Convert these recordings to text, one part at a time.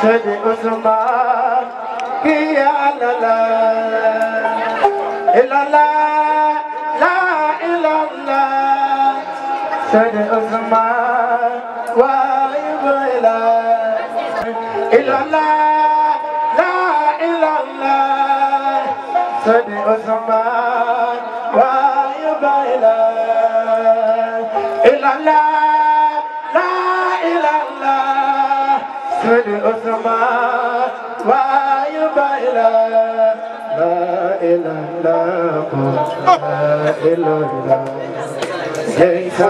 Sidi Usman ki ala la ila la la ila la Sidi Usman wa ila ila la والزمان ويبا إله إلا الله لا إله إلا سيد الأزمان ويبا إله لا إله إلا لا إله إلا ليس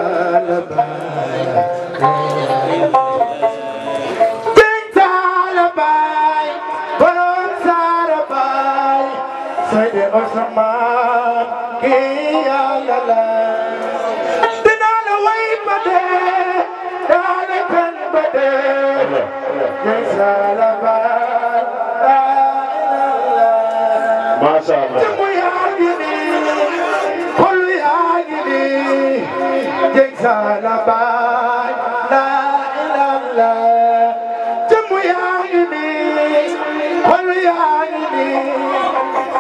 لبالي Usmaan kii yàlla la dinaa la way ba dee daa la kan ba dee dinaa la baal macha allah jëmu yaa ngi nii xol yaa ngi nii dinaa la baal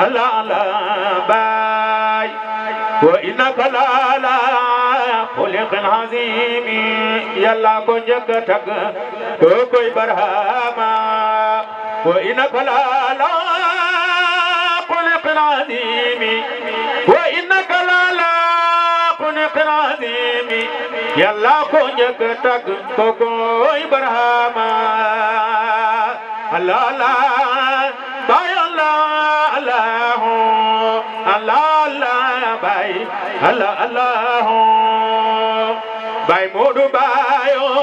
لا لا باي وإنك لا لا خلق عظيم يلا كنجك تك كوكوي برهاما وإنك لعلى خلق عظيم وإنك لعلى خلق عظيم يلا كونك تك كوكو إبراهيم الله لا باي الله الله الله الله باي الله الله باي مودو بايو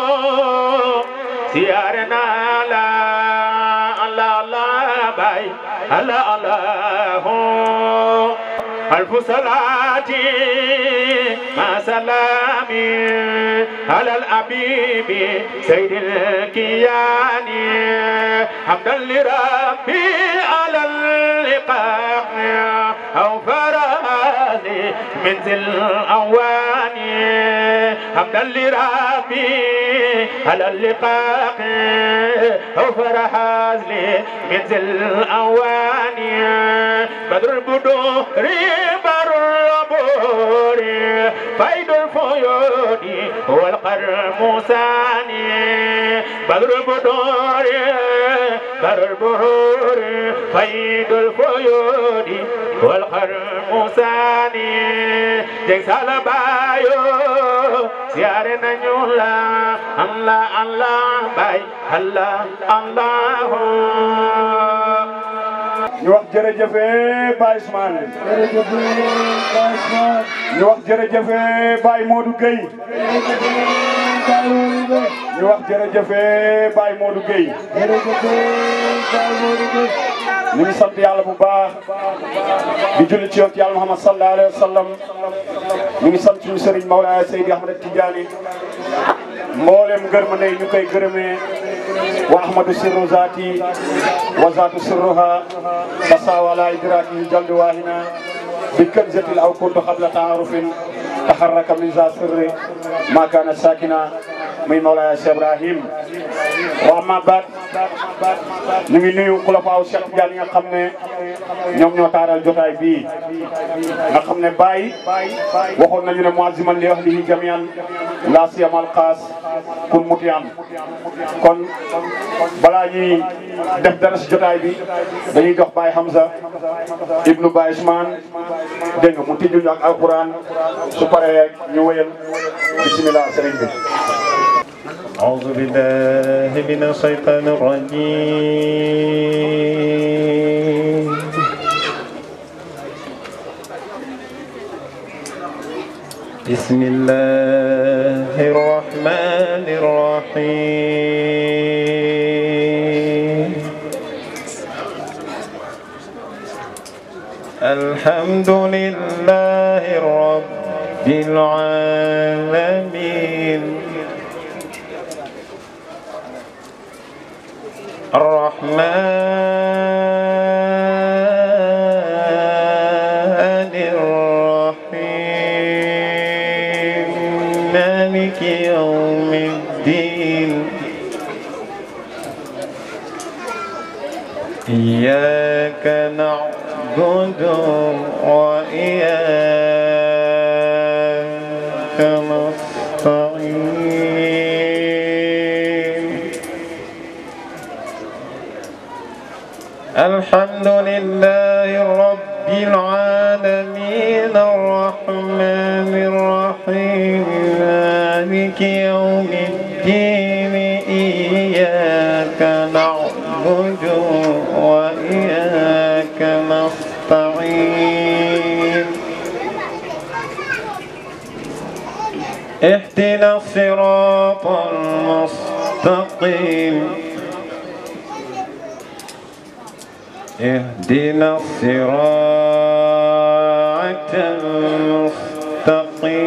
سيارنا هلا الله ألف صلاة وسلام على الحبيب سيد الكيان حمدا لربي على اللقاء أو فرازي من ذي الأوان حمدا لربي على اللقاء أو فرحاز لي من ذي الأوان بدر البدور والقرم ثاني بدر البدور بدر البرور فيد الفيود والقرم ثاني جسال بايو زيار نجولا الله الله باي الله الله ñu wax jërëjëfee Baye Ousmane. jërëjëfee Baye Ousmane. ñu wax jërëjëfee Baye Modou Gueye. ñu wax jërëjëfee Baye Modou Gueye. ñu ngi sant yàlla bu baax di julli ci yonent yàlla Muhammad sallallahu alayhi wa sallam ñu ngi sant suñu sëriñ Mawlaaya Seydi Ahmed Tidiane mboolem gërëm ne ñu koy gërëmee wa ahmadu sirru zaati wa zaatu sirruha tasawala idraki jaldi wahina bi kanzatil aw kuntu qabla taarufin taxarraka min za sirri ma kana sakina muy Mawlaya Cheikh Ibrahim wa amma baat ñu ngi nuyu xulafaaw Cheikh Tidiane yi nga xam ne ñoom ñoo taaral jotaay bii nga xam ne Baye waxoon nañu ne muazziman li ahlihi jamian la siyamal xaas kun mutiyaan kon balaa def dara si bi dañuy jox Baye Hamza ibnu Baye Ousmane dégg nga mu tijjul ñu ak alquran su paree ñu wéyal bisimilah sëriñ bi. بسم الله الرحمن الرحيم الحمد لله رب العالمين الرحمن إياك نعبد وإياك اهدنا الصراط المستقيم اهدنا الصراط المستقيم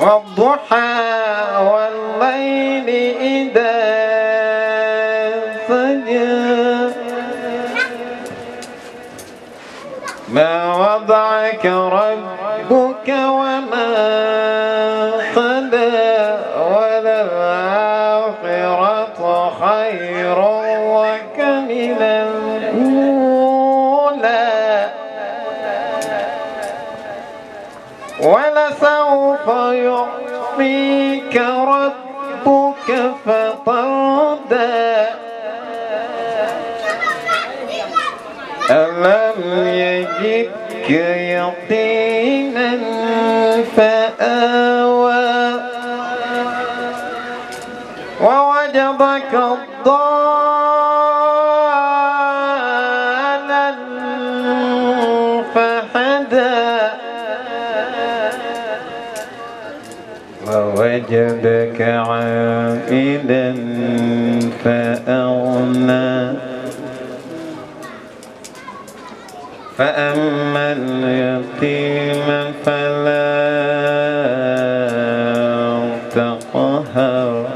والضحى والليل إذا سجى ما وضعك ربك فيعطيك ربك فترضى ألم يجدك يقينا فآوى ووجدك الضال وجدك عائلا فأغنى فأما اليتيم فلا تقهر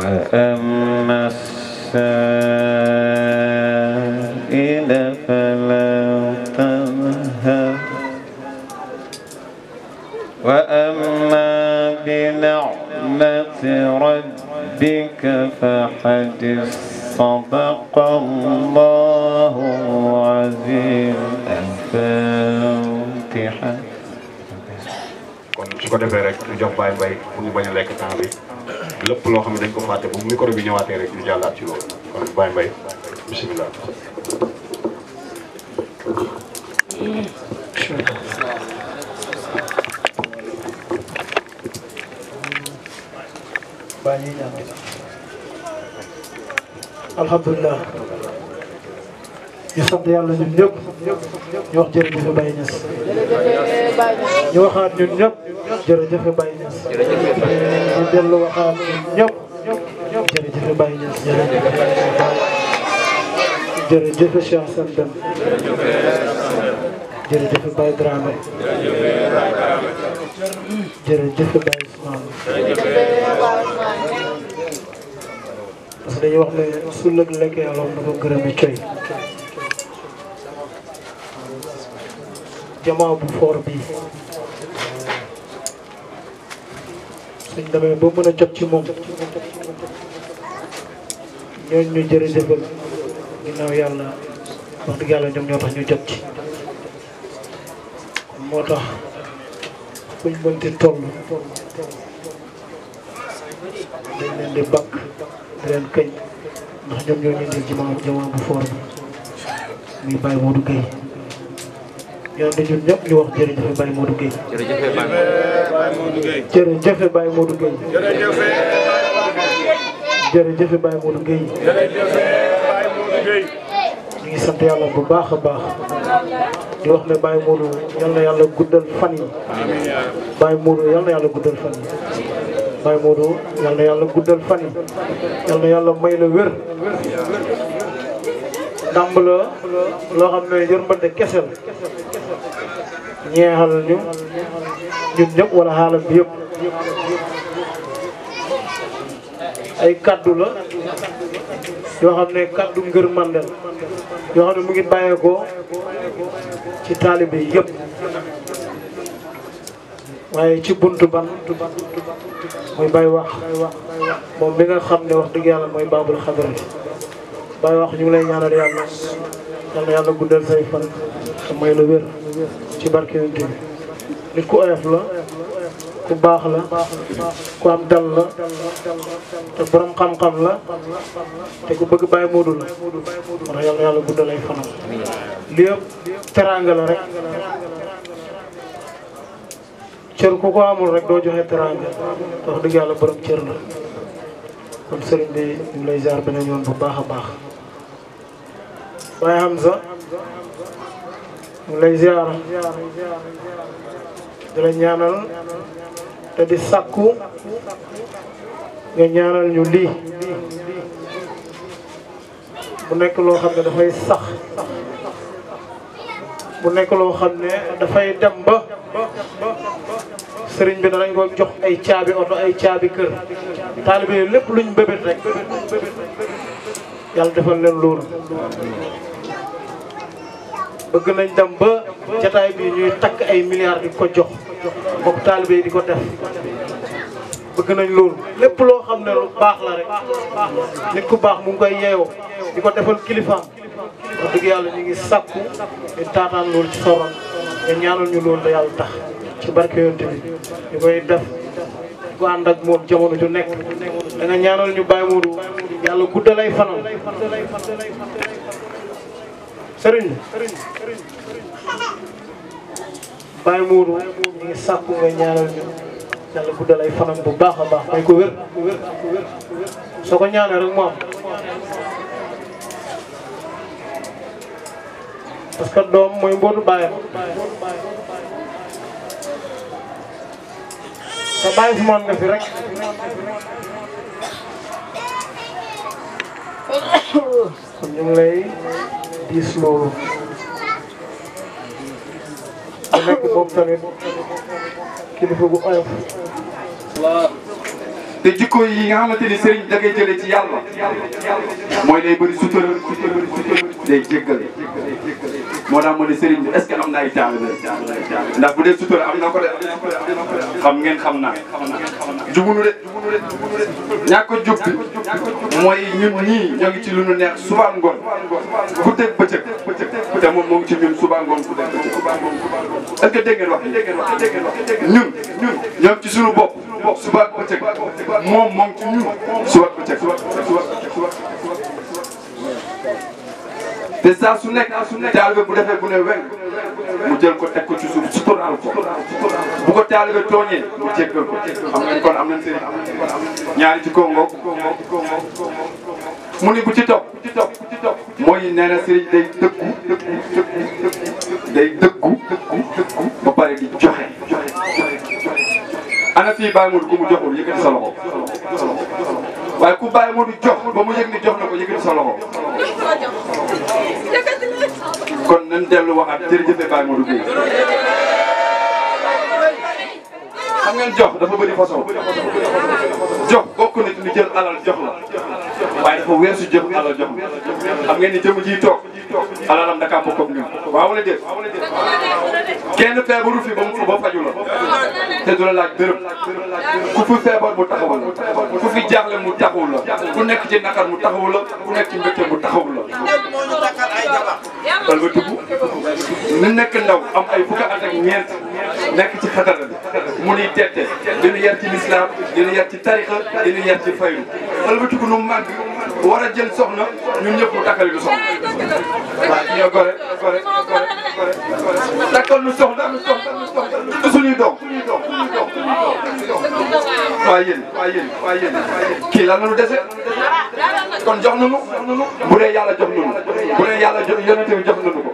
وأما السائل بك فحدث صدق الله العظيم الفاتحة kon su ko defee rek ñu jox Baye Mbaye pour ñu bañ a lekk temps bi lépp loo xam ne dañ ko fàtte bu micro bi ñëwaatee rek ñu jàllaat ci loolu kon Baye Mbaye bisimilah. alhamdulilah ñu sant yàlla ñun ñëpp ñu wax jërëjëf Baye Niass ñu waxaat ñun ñëpp jërëjëf Baye Niass ñu dellu waxaat ñun ñëpp jërëjëf Baye Niass jërëjëf Cheikh Sane Deme jërëjëf Baye Dramé jërëjëf Baye Ousmane ndax dañuy wax ne su lëg lekkee aloom na ko gërëme coy jamaa bu foor bii suñ demee ba mën a jot ci moom ñooñ ñu jërëjëfal ginnaaw yàlla wax dëgg ñoo tax ñu jot ci moo tax fuñ mënti toll dañ leen di bakk ren kañ ndax ñoom ñoo ñu indil juma juma bu foor bi muy Baye Modou Gueye ñoom ñun ñëpp ñu wax jërëjëf Baye Modou Gueye. ñu ngi sant yàlla bu baax a baax di wax ne Baye Modou yal na yàlla guddal fan yi. Baye Modou yal na yàlla guddal fan yi. Baye Modou yal na yàlla guddal fan yal na yàlla may la wér ndàmb la loo xam ne yërmande kese la ñeexal ñu ñun ñëpp wala xaalam bi yëpp ay kaddu la yoo xam ne kaddu ngër mandel yoo xam ne mu ngi bàyyeekoo ci taalibe yëpp waaye ci buntu ban muy Baye wax moom bi nga xam ne wax dëgg yàlla mooy baabul xadra Baye wax ñu ngi lay ñaanal yàlla yàlla yàlla guddal say fan te may la ci barke yonent bi nit ku oyof la ku baax la ku am dal la te borom xam-xam la te ku bëgg Baye Modou la wax yàlla yàlla guddal ay fanam li yëpp teraanga la rek cër ku ko amul rek doo joxe teraanga wax dëgg yàlla borom cër la kon sëriñ bi ñu lay ziar beneen yoon bu baax a baax waaye Hamza ñu lay ziar di la ñaanal te di sàkku nga ñaanal ñu lii bu nekk loo xam ne dafay sax bu nekk loo xam ne dafay dem ba sëriñ bi danañ ko jox ay caabi oto ay caabi kër taalibe lépp luñ bébét rek yàlla defal leen loolu bëgg nañ dem ba jataay bi ñuy takk ay milliards di ko jox mbokk taalibe yi di ko def bëgg nañ loolu lépp loo xam ne lu baax la rek nit ku baax mu ngi koy yeewoo di ko defal kilifaam wax dëgg yàlla ñu ngi sàkku di taataan loolu ci soron te ñaanal ñu loolu yàlla tax ci barke yonte bi ñu koy def ku ànd moom jamono ju nekk da nga ñaanal ñu bàyyi Moodu yàlla guddalay fanam sëriñ bàyyi Moodu ñu ngi sàkku nga ñaanal ñu yàlla guddalay fanam bu baax a baax may ko wér soo ko ñaanee rek mu am parce que doom mooy mbootu bàyyam sa bàyyi fi man nga fi rek ñu ngi lay diis loolu ku nekk boobu tamit kilifa gu oyof te jikko yi nga xamante ni sëriñ da ngay jëlee ci yàlla mooy day bëri sutura day jéggal moo tax ma ne sëriñ bi est ce que am na ay taalibe ndax bu dee sutura am na ko de xam ngeen xam naa. jubunu de ñàkk a jub bi mooy ñun ñii ñoo ngi ci lu ñu neex suba ngoon guddeeg bëccëg te moom moo ngi ci ñun suba ngoon guddeeg bëccëg est-ce que dégg ngeen wax ñun ñoo ngi ci suñu bopp suba ak bëccëg moom moo ngi ci ñun suba ak bëccëg te saa su nekk taalibe bu defee bu ne weng mu jël ko teg ko ci suuf suturaal ko bu ko taalibe tooñee mu jéggal ko xam nga kon am nañ seen ñaari ci kongo mu ni bu ci topp bu ci topp bu ci topp mooy nee na sëriñ day dëggu day dëggu ba pare di joxe joxe ana fii bàyyi mu du ku mu joxul yëkkati sa loxo waaye ku bàyyi mu jox ba mu yëg ni jox na ko yëkkati sa loxo kon nañ dellu waxaat jërëjëf Baye Modou Gueye xam ngeen jox dafa bëri façon jox bokk ni ñu jël alal jox la waaye dafa weesu jëf alal jox xam ngeen ni jëmu ji toog alalam dakaa bokk ak ñun waaw wala déet kenn feebaru fi ba mu ba faju la te du la laaj dërëm ku fi feebar mu taxawul la ku fi jaaxle mu taxawul la ku nekk ci naqar mu taxawul la ku nekk ci mbégte mu taxawul la. bal ba dugg ñu nekk ndaw am ay fukki at ak ñeent nekk ci xatara bi mu ni tette dina yar ci lislaam dina yar ci tarixa dina yar ci faylu bal ba dugg nu màgg war a jël soxna ñun ñëpp mu takkali du soxna waaw ñoo gore gore gore gore takkal nu soxna du suñuy doom waa yéen waa yéen waa yéen kii lan la nu dese kon jox nanu bu dee yàlla jox nanu bu dee yàlla jox yonente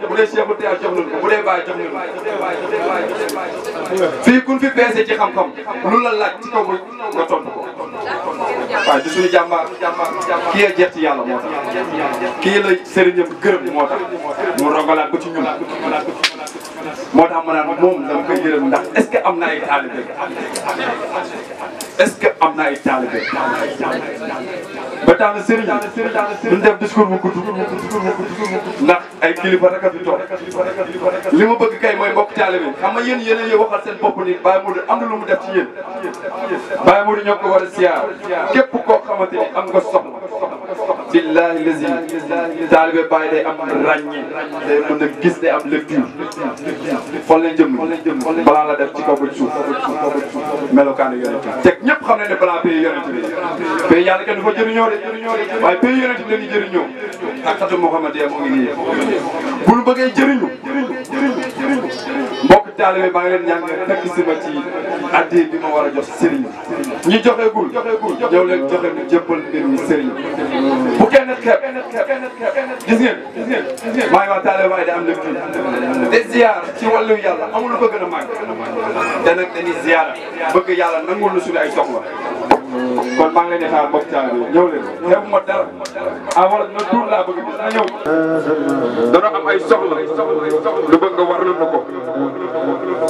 bu dee Cheikh Moutia jox nañu fii kun fi peese ci xam-xam lu la laaj ci kaw ba nga tontu ko waaye di suñu jàmbaar kii ya jeex ci yàlla moo tax kii la sëriñam gërëm moo tax mu rogalaat ko ci ñun moo tax ma naan moom dama koy yërëm ndax est-ce que am na ay taalibe est-ce que am na ay taalibe ba tax na sëriñ def discours bu gudd ndax ay kilifa rek a fi toog li ma bëgg kay mooy mbokk taalibe xam nga yéen yéen a waxal seen bopp ni Baye Modou am na lu mu def ci yéen Baye Modou ñoo ko war a siyaar képp koo xamante ni am nga soxla billahi lazi a gis balaa la def ci kaw ba suuf melokaanu yonent teg ñëpp xam ne ne balaa pay yonent bi pay kenn fa jëriñoo waaye pays yonent bi dañuy jëriñoo ak xatu Muhammad yaa moo ngi nii bu ñu bëggee jëriñu mbokk taalibe maa ngi leen ñaan nga fekk si ma ci addi bi ma war a jox sëriñ ñi joxeegul ñëw leen joxe ñu jëppal mbir mi sëriñ bu kenn xeeb gis ngeen maa ngi wax taalibe waaye da am lépp de ziar ci wàllu yàlla amul lu ko gën a màgg te nag dañuy ziar bëgg yàlla nangul lu suñu ay soxla kon maa ngi leen di xaar mbokk caabi ñëw leen xeebu ma dara ah wala na tuur laa bëgg bis na ñëw. danoo am ay soxla lu bëgg nga waraloon na ko.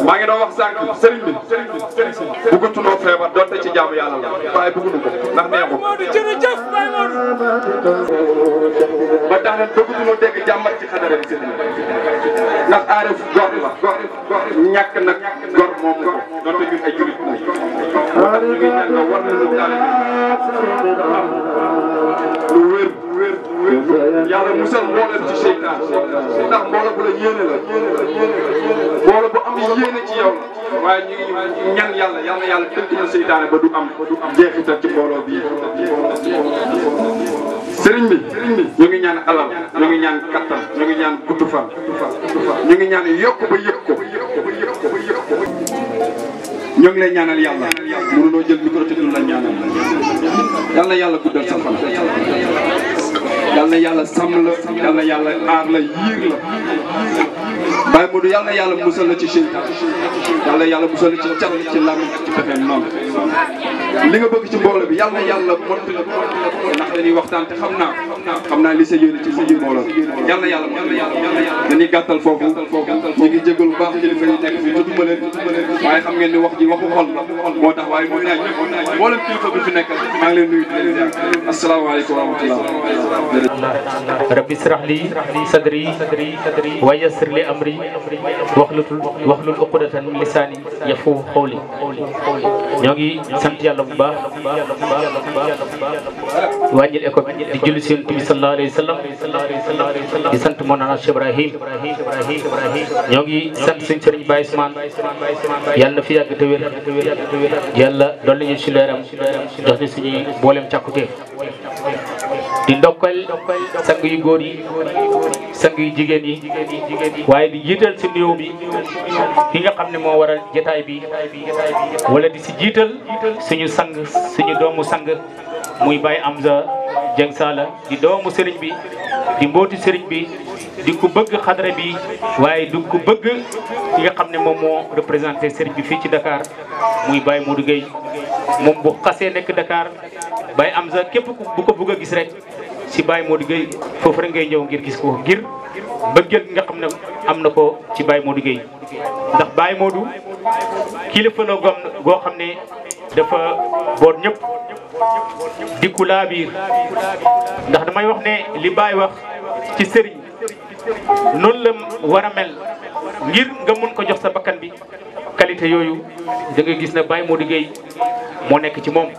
maa ngi doon wax sànq sëriñ bi bëggatunoo feebar donte ci jaamu yàlla la waaye bëgguñu ko ndax neexul. ci xadara bi sëriñ ndax aarif gor la gor gor ñàkk nag gor moom la donte ñun ay jurit lañ. moo tax ñu ngi ñaan nga taalibe lu wér wér wér yàlla musal mboolem ci seytaan ndax mbooloo bu la yéene la mbooloo bu am yéene ci yow la waaye ñu ngi ñaan yàlla yal yàlla tënk ba du am ba du ci mbooloo bii sëriñ bi sëriñ bi ñu ngi ñaan alal ñu ngi ñaan kattan ñu ngi ñaan gudd fan ñu ngi ñaan yokk ba yëg ko ba yëg ko ba yëg ko ñoo ngi lay ñaanal yàlla mënuloo jël nu micro te du la ñaanal yàlla yàlla guddal sa fan. yal na yàlla sàmm la yal na yàlla aar la yiir la Baye Modou yal na yàlla musal la ci seytaan yal na yàlla musal la ci cat ci lam ci pexe noonu li nga bëgg ci mbooloo bi yal na yàlla mott la ndax dañuy waxtaan te xam naa xam naa li sa yéene ci suñu mbooloo yal na yàlla mott la dañuy gàttal foofu ñu ngi jégalu bu baax kilifa yi nekk fi tudduma leen waaye xam ngeen ni wax ji waxu xol la moo tax waaye moo naaj mboolem kilifa bi fi nekk maa ngi nekk nuyu di leen asalaamaaleykum wa rahmatulah rabbi israh li sadri wa yassir li amri waxlul waxlul uqdatan min lisaani yafu xawli ñoo ngi sant yàlla bu baax wàññil éco bi di julli si yonent bi sallallahu wa sallam di sant Mawlana Cheikh Ibrahim ñoo ngi sant suñu sëriñ Baye Ousmane yàlla na fi yàgg te wér yàlla dolli ñu ci leeram jox ñu suñuy booleem càkkute di ndokkal sang yu góor yi sang yu jigéen yi waaye di jiital si néew bi ki nga xam ne moo waral jotaay bi wala di si jiital suñu sang suñu doomu sang muy Baye Amza. Dieng Sala di doomu sëriñ bi di mbooti sëriñ bi di ku bëgg xadra bi waaye di ku bëgg ki nga xam ne moom moo représenté sëriñ bi fii ci Dakar muy moo Modou Gueye moom bu xasee nekk Dakar am sa képp bu ko bëgg a gis rek si Baye Modou Gueye foofu rek ngay ñëw ngir gis ko ngir bëggeel nga xam ne am na ko ci Baye Modou Gueye ndax Baye Modou kilifa la goo xam ne dafa boot ñëpp. di ku laabiir ndax damay wax ne li Baye wax ci sëriñ noonu la war a mel ngir nga mën ko jox sa bakkan bi qualité yooyu da nga gis ne Baye moo Gueye moo nekk ci moom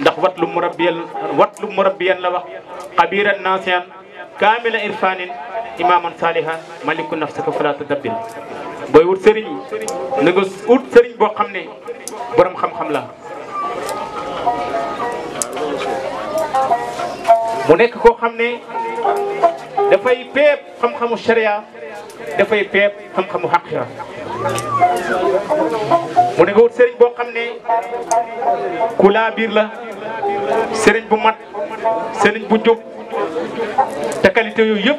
ndax wat lu murabbiyan wat la wax xabiran nasiyan kaamila irfanin imaman salihan maliku nafsaka fala tadabbir booy wut sëriñ na wut sëriñ boo xam ne borom xam-xam la mu nekk koo xam ne dafay peep xam-xamu sharia dafay peep xam-xamu xaqira mu nekk wut sëriñ boo xam ne ku laa biir la sëriñ bu mat sëriñ bu jub te qualité yooyu yëpp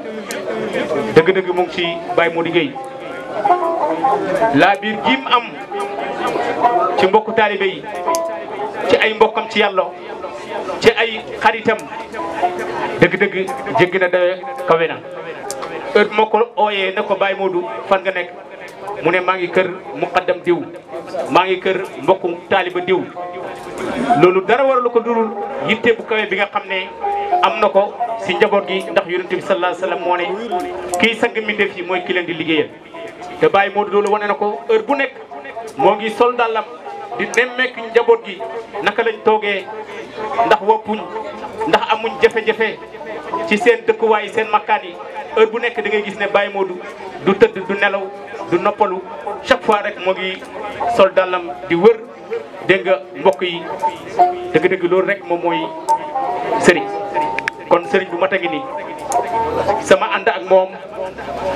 dëgg-dëgg mu ci Baye Modou liggéey laa biir am ci mbokku taalibe yi ci ay mbokkam ci yàlla ci ay xaritam dëgg-dëgg jéggi na dawe kawe na heure bu ma ko ooyee na ko Baye Modou fan nga nekk mu ne maa ngi kër muqaddam diw maa ngi kër mbokku taaliba diw loolu dara waralu ko dulul yitte bu kawe bi nga xam ne am na ko si njaboot gi ndax yu bi sallallahu alayhi wasallam moo ne kii sang mbindeef mooy ki leen di liggéeyal te Baye Modou loolu wane na ko bu nekk moo ngi sol dàllam di nemmeek njaboot gi naka lañ toogee ndax woppuñ ndax amuñ jafe-jafe ci seen dëkkuwaay seen makkaan yi heure bu nekk da ngay gis ne Baye Modou du tëdd du nelaw du noppalu chaque fois rek moo ngi sol dàllam di wër dégg mbokk yi dëgg-dëgg loolu rek moom mooy sëriñ kon sëriñ bu mat a ngi nii sama ànd ak moom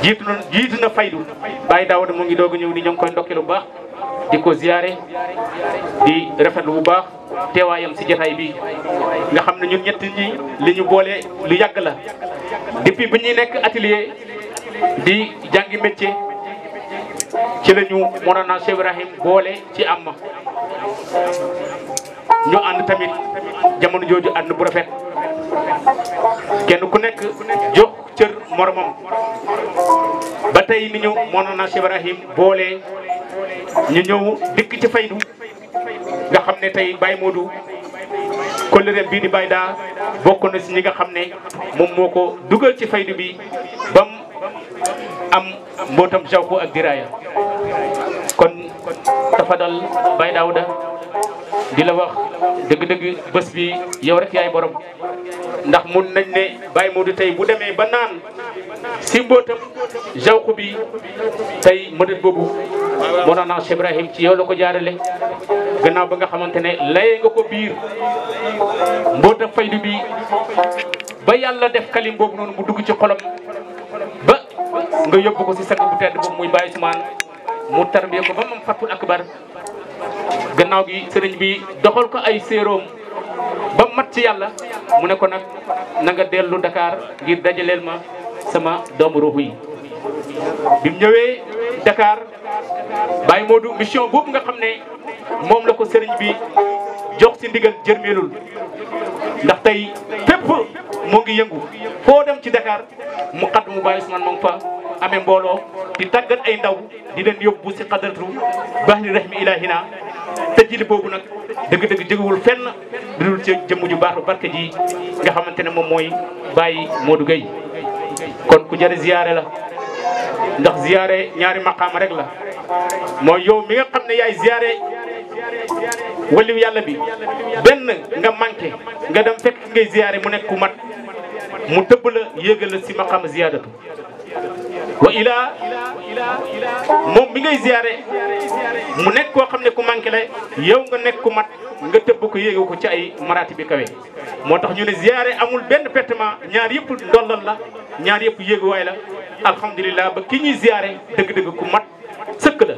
jiitu na jiitu na faydu Baye Daouda mu ngi doog a ñëw di ñoo ngi koy ndokkee lu baax. di ko ziyaare di rafetlu bu baax teewaayam si jataay bi nga xam ne ñun ñett ñi li ñu boole lu yàgg la depuis ba ñuy nekk atelier di jàngi métier ci la ñu Mawlana Cheikh Ibrahim boole ci am ñu ànd tamit jamono jooju ànd bu rafet. kenn ku nekk jox cër moromam ba tey ni ñu Mawlana Cheikh Ibrahim boole ñu ñëw dikk ci faydu nga xam ne tey Baye Modou kollereem bii di Baye daa bokk na si ñi nga xam ne moom moo ko dugal ci faydu bi bam am mbootam jawku ak diraaya kon tafadal Baye Daouda di la wax dëgg-dëgg bés bi yow rek yaay borom ndax mu nañ ne Baye Modou tey bu demee ba naan si mbootam jawku bi tey mënat boobu moo naa Cheikh Ibrahim ci yow la ko jaarale gannaaw ba nga xamante ne layee nga ko biir mbootam faydu bi ba yàlla def kalim boobu noonu mu dugg ci xolam ba nga yóbbu ko si sang bu tedd boobu muy Baye Ousmane mu tarbiye ko ba moom fatul akbar gannaaw gi sëriñ bi doxal ko ay séeróom ba mat ci yàlla mu ne ko nag nanga dellu dakaar ngir dajaleel ma sama doomu ruux yi bi mu ñëwee Dakar Baye Modou mission boobu nga xam ne moom la ko sëriñ bi jox ci ndigal jërmeelul ndax tey fépp moo ngi yëngu foo dem ci Dakar mu xat mu Baye Ousmane moom fa amee mbooloo di tàggat ay ndaw di leen yóbbu si xadaratu baax li rahmi ilahina tëjjili boobu nag dëgg-dëgg jegewul fenn dudul ci jëmm ju baax barke ji nga xamante ne moom mooy bàyyi moo Modou Gueye kon ku jëri ziyaare la ndax ziyaare ñaari maqaama rek la mooy yow mi nga xam ne yaay ziyaare waliw yàlla bi benn nga manqué nga dem fekk ngay ziyaare mu nekk ku mat mu tëbb la yéegal la si maqaama ziyaadatu wa ilaa moom bi ngay ziyaare mu nekk koo xam ne ku manqué la yow nga nekk ku mat nga tëbb ko yéege ko ci ay maraati bi kawe moo tax ñu ne ziyaare amul benn pertement ñaar yëpp ndollal la ñaar yëpp yéeguwaay la alhamdulilah ba ki ñuy ziyaare dëgg-dëgg ku mat sëkk la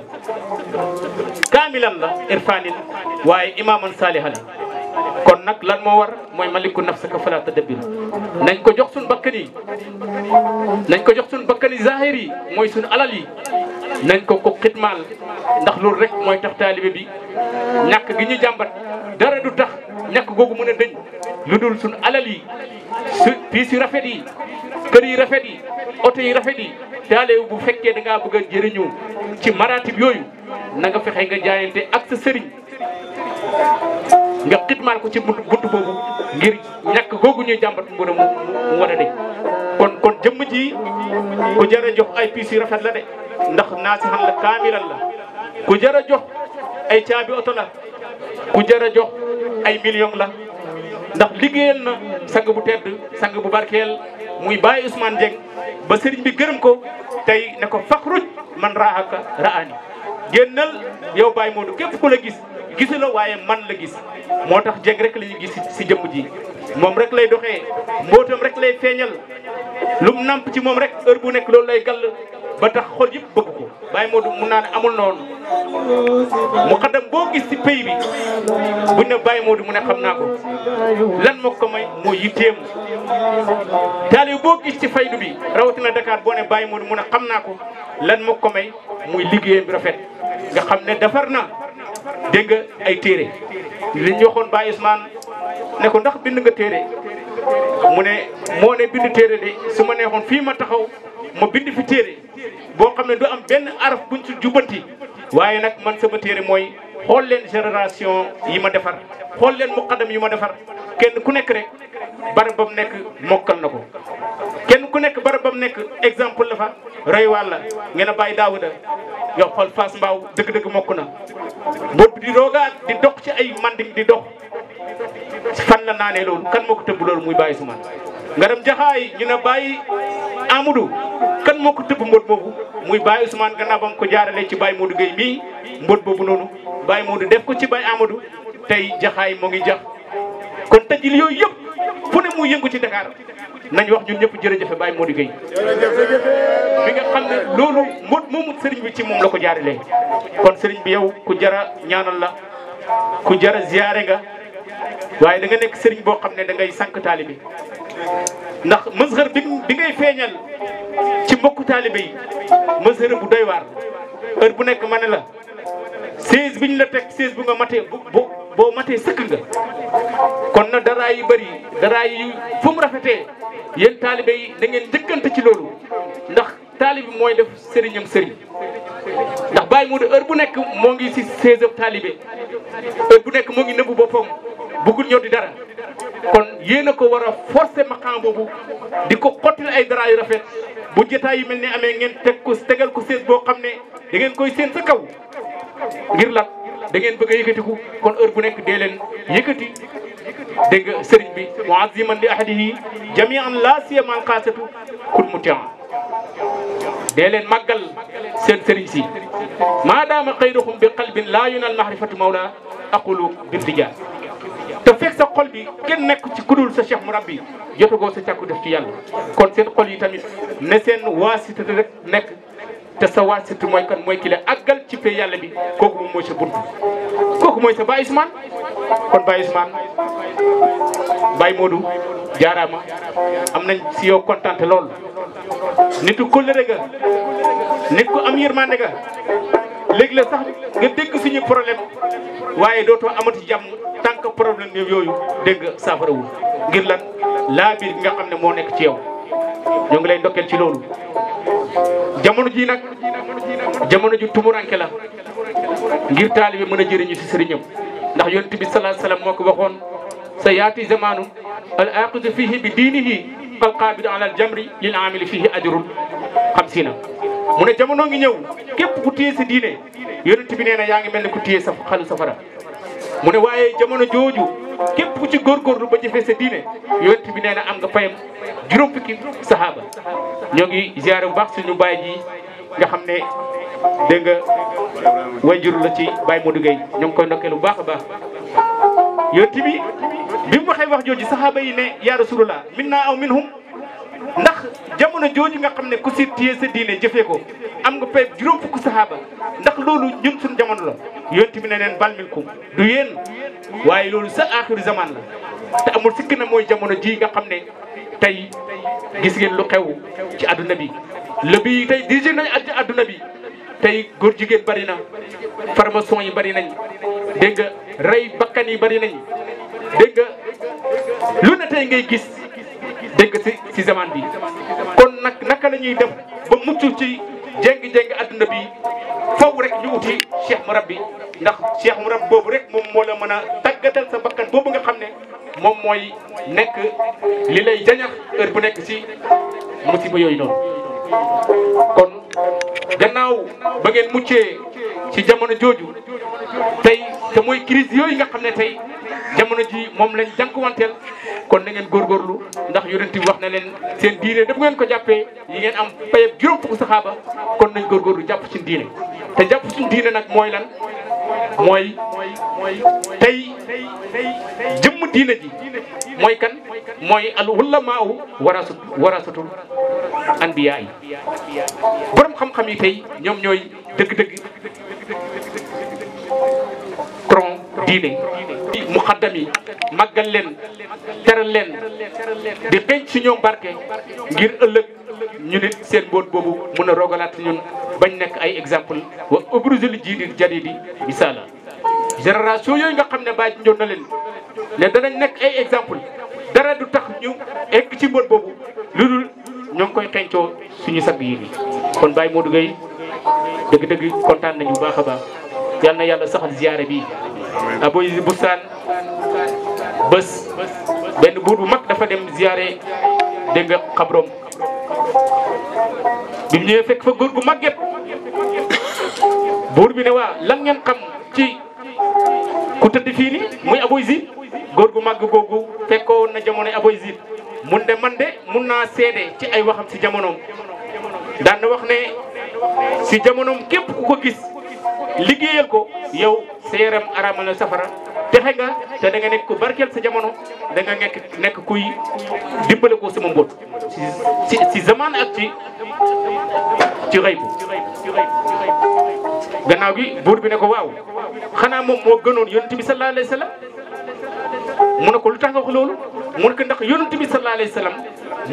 kaamilan la irfanin waaye imaaman saaliha la kon nag lan moo war mooy maliku nafsaka fala tadabbir nañ ko jox suñu bakkan yi nañ ko jox suñu bakkan yi zahir yi mooy suñu alal yi nañ ko ko xitmaal ndax loolu rek mooy tax taalibe bi ñàkk gi ñu jàmbat dara du tax ñàkk googu mën a dëñ lu dul suñu alal yi su piis yi rafet yi kër yi rafet yi oto yi rafet yi taalibe bu fekkee da ngaa bëgg a jëriñu ci maratib yooyu na nga fexe nga jaayante ak sa sëriñ nga xitmaal ko ci buntu boobu ngir ñàkk googu ñuy jàmbat mbuur mu mu war a de kon kon jëmm ji ku jar a jox ay piis yu rafet la de ndax naasihan la kaamilan la ku jar a jox ay caabi oto la ku jar a jox ay million la ndax liggéeyal na sang bu tedd sang bu barkeel muy bàyyi Ousmane Dieng ba sëriñ bi gërëm ko tey ne ko faxruj man raaka raani génnal yow Baye Modou képp ku la gis gise la waaye man la gis moo tax jeg rek la gis si jëmm ji moom rek lay doxee mbootam rek lay feeñal lu nàmp ci moom rek heure bu nekk loolu lay gall ba tax xol yëpp bëggu ko Baye Modou mun naa ne amul noonu mu xaddam boo gis ci pays bi buñ ne Baye Modou mu ne xam naa ko lan moo ko may moo yitteem taalibe boo gis ci faydu bi rawatina Dakar boo ne Baye Modou mu ne xam naa ko lan moo ko may muy liggéeyam bi rafet nga xam ne defar na dégg nga ay téere li ñu waxoon Baye Ousmane ne ko ndax bind nga téere mu ne moo ne bind téere de su ma neexoon fii ma taxaw ma bind fi téere boo xam ne du am benn araf buñ ci jubbanti waaye nag man sama téere mooy xool leen génération yi ma defar xool leen muqaddam yi ma defar kenn ku nekk rek barab ba mu nekk mokkal na ko kenn ku nekk barab ba mu nekk exemple la fa roy walla ngeen a bàyyi daawuda yokkal faas mbaaw dëgg-dëgg mokk na boobu di roogaat di dox ci ay manding di dox fan la naanee loolu kan moo ko loolu muy bàyyi sumaan nga dem jaxaay ñu bàyyi amadou kan moo ko tëbb mbot boobu muy bàyyi Ousmane gannaaw ba mu ko jaarale ci bàyyi Modou Gueye mii mbot boobu noonu bàyyi Modou def ko ci bàyyi amadou tey jaxaay moo ngi jax kon tajil yooyu yëpp fu ne muy yëngu ci Dakar nañ wax ñun ñëpp jërëjëf Baye Modou Gueye mi nga xam ne loolu mo moomu sëriñ bi ci moom la ko jaaralee kon sëriñ bi yow ku jara ñaanal la ku jara ziyaare nga waaye danga nekk sëriñ boo xam ne dangay ngay sànq taalibe ndax mësxër bi bi ngay feeñal ci mbokku taalibe yi mësxër bu doy waar heure bu nekk ma ne la 16 bi ñu la teg 16 bu nga matee bu boo matee sëkk nga kon na dara yu bëri dara yi fu mu rafetee yéen taalibe yi da ngeen njëkkante ci loolu ndax taalibe mooy def sëriñam sëriñ ndax bàyyi moo de heure bu nekk moo ngi si 16 heures taalibe heure bu nekk moo ngi nëbbu boppam bëggul ñëw di dara kon yéen a ko war a forcer maqaam boobu di ko xottil ay dara yu rafet bu jetaa yu mel ni amee ngeen teg ko tegal ko 16 boo xam ne da ngeen koy séen sa kaw. ngir lan da ngeen bëgg a yëkkatiku kon heure bu nekk dee leen yëkkati dégg nga sëriñ bi muaziman li ahadihi jamian la siyama alqaasatu kul mutia dee leen màggal seen sëriñ si maadaama xayruhum bi qalbin laa yunal mahrifatu mawla aqulu birtija te fekk sa xol bi kenn nekk ci kudul sa cheikh mu rabbi jotagoo sa càkku def ci kon seen xol tamit ne seen waasita nekk te sa waasitu mooy kan mooy ki la àggal ci pay yàlla bi kooku moom mooy sa bunt kooku mooy sa Baye Ousmane kon Baye Ousmane Baye Modou jaaraama am nañ si yow kontaan lool nit ku kóllëre ga nit am yërmande ga léegi la sax nga dégg ñuy problème waaye dootu amati jàmm tant que problème yooyu dégg nga saafarawul ngir lan laa biir bi nga xam ne moo nekk ci yow ñoo ngi lay ndokkeel ci loolu jamono ji nag jamono ji tumuranke la ngir taalibe mën a jëriñu si sëriñam ndax yonent bi sallallahu alayhi wasallam moo ko waxoon sa yaati zamanu al aqidu fihi bi diinihi fal qaabidu ala al jamri lil amili fihi ajrun xamsiina mu ne jamono ngi ñëw képp ku téye sa diine yonent bi nee yaa ngi mel ne ku téye sa xalu safara mu waaye jamono jooju képp ku ci góorgóorlu ba jëfee sa diine yonent bi nee na am nga fayam juróom fukki saxaaba ñoo ngi ziare bu baax suñu baay ji nga xam ne dégg nga wayjur la ci Baye Modou Gueye ñoo ngi koy ndokkeel bu baax a baax yonent bi bi mu waxee wax jooju saxaaba yi ne yaa rasulullah naa aw minhum ndax jamono jooju nga xam ne ku si téye sa diine jëfee ko am nga pay juróom fukk saxaaba ndax loolu ñun suñu jamono la yonent bi ne leen balmilkum du yéen waaye loolu sa aaxiru zaman la te amul sikk na mooy jamono ji nga xam ne tey gis ngeen lu xew ci àdduna bi le bi tey dirigé nañ ci àdduna bi tey góor jigéen bari na formation yi bari nañ dégg nga rey bakkan yi bari nañ dégg lu ne tey ngay gis dégg si si zaman bi kon nag naka la ñuy def ba mucc ci jéngi-jéngi adduna bi foofu rek ñu uti cheikh murabbi ndax mu rab boobu rek moom moo la mën a tàggatal sa bakkan boobu nga xam ne moom mooy nekk li lay jañax heure bu nekk si musiba yooyu noonu kon gannaaw ba ngeen muccee ci jamono jooju tey te mooy crise yooyu nga xam ne tey jamono ji moom lañ wanteel kon na ngeen góorgóorlu ndax yonent bi wax na leen seen diine daf ngeen ko jàppee yi ngeen am payab juróom fukk saxaaba kon nañ góorgóorlu jàpp ci diine te jàpp suñu diine nag mooy lan mooy tey jëmm diine ji mooy kan mooy al ulamaaw warasatu warasatul anbiyaa yi borom xam-xam yi tey ñoom ñooy dëgg-dëgg. diine mu yi màggal leen teral leen di penc si ñoom barke ngir ëllëg ñu nit seen mboot boobu mën a rogalaat ñun bañ nekk ay exemple wa abruzil jiidi jadidi misaala génération yooyu nga xam ne bàyyi njoon na leen ne danañ nekk ay exemple dara du tax ñu egg ci mboot boobu lu dul ñoo koy xencoo suñu sag yi nii kon Baye Modou Gueye dëgg-dëgg kontaan nañu bu baax a yàlla saxal ziyaare bi aboy ah, Boustan bés benn buur bu mag dafa dem ziare dégg nga bi mu ñëwee fekk fa góor gu màgget buur bi ne waa lan ngeen xam ci ku tëdd fii muy Abou Zi góor gu màgg googu fekkoon na jamonoy Abou si mun de man de mun naa seede ci ay waxam ci jamonoom daan na wax ne si jamonoom képp ku ko gis. liggéeyal ko yow sa yaram araamal safara texe nga te danga nekk ku barkeel sa jamono danga nga nekk nekk kuy dimbale ko sama mbóot si si zaman ak ci ci rëy bu gannaaw gi buur bi ne ko waaw xanaa moom moo gënoon yonent bi sallallahu alayhi mu ne ko lu tax nga wax loolu mu ndax yonent bi sallallahu alayhi wa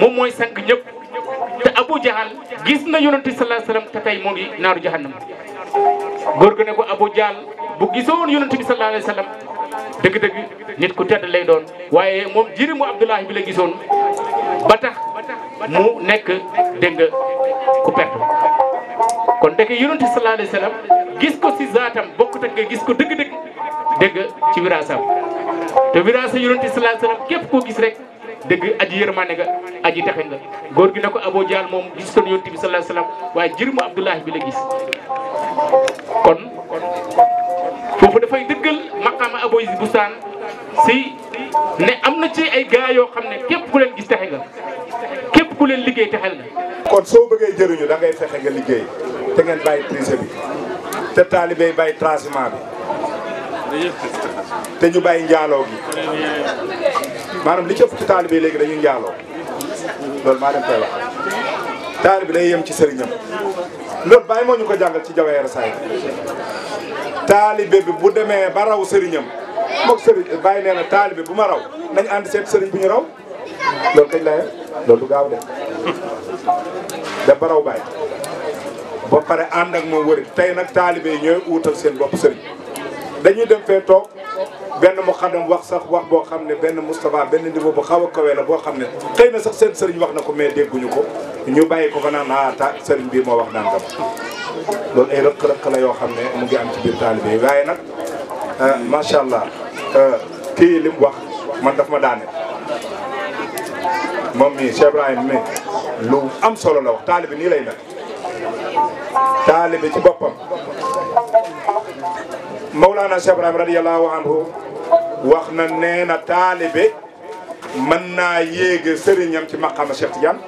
moom mooy sànq ñëpp te Abu Jahal gis na yonent bi sallallahu alayhi wa sallam te tey moo ngi naaru jahannam góor gu ne ko Abu Jaal bu gisoon yonent bi sallallahu alayhi wa sallam dëgg-dëgg nit ku tedd lay doon waaye moom jëriñ mu Abdoulahi bi la gisoon ba tax mu nekk dégg ku perte kon dëgg yonent bi sallallahu alayhi wa gis ko si zaatam bokkut te nga gis ko dëgg-dëgg dégg ci wiraasam te wiraasa yonent bi képp koo gis rek. dëgg aji yërmande nga aji texe nga góor gi ne ko Abu Jahl moom gis ko yonent bi sallallahu alayhi wasallam waaye jërmu Abdullahi bi la gis kon foofu dafay dëggal maqaama Abu Yazid Bustaan si ne am na ci ay gaa yoo xam ne képp ku leen gis texe nga képp ku leen liggéey texel nga kon soo bëggee jëriñu da ngay fexe nga liggéey te ngeen bàyyi triche bi te taalibe bàyyi transiment bi te ñu bàyyi njaaloo gi maanaam li ci ëpp ci taalibe léegi dañuy njaaloo loolu maa dem koy wax taalibe day yem ci sëriñam loolu bàyyi moo ñu ko jàngal ci jaweer saay taalibe bi bu demee ba raw sëriñam mook sëriñ bàyyi nee na taalibe bu ma raw nañ ànd seet sëriñ bu ñu raw loolu kañ laye loolu du gaaw de da ba raw bàyyi ba pare ànd ak moom wëri tey nag taalibe yi ñooy uutal seen bopp sëriñ dañuy dem fee toog benn mu xadam wax sax wax boo xam ne benn Moustapha benn niveau bu xaw a kawe la boo xam ne xëy na sax seen sëriñ wax na ko mais dégguñu ko ñu bàyyi ko fa naan ah sëriñ bii moo wax naan ko loolu ay rëq-rëq la yoo xam ne mu ngi am ci biir taalibe yi waaye nag euh, macha allah euh, kii li wax man daf ma daane moom mii Cheikh Ibrahima mi lu am solo la wax taalibe nii lay mel taalibe ci boppam. Mawlana Cheikh Ibrahim radiyallahu anhu wax na nee na taalibe mën naa yéege sëriñam ci maqaama Cheikh Tidiane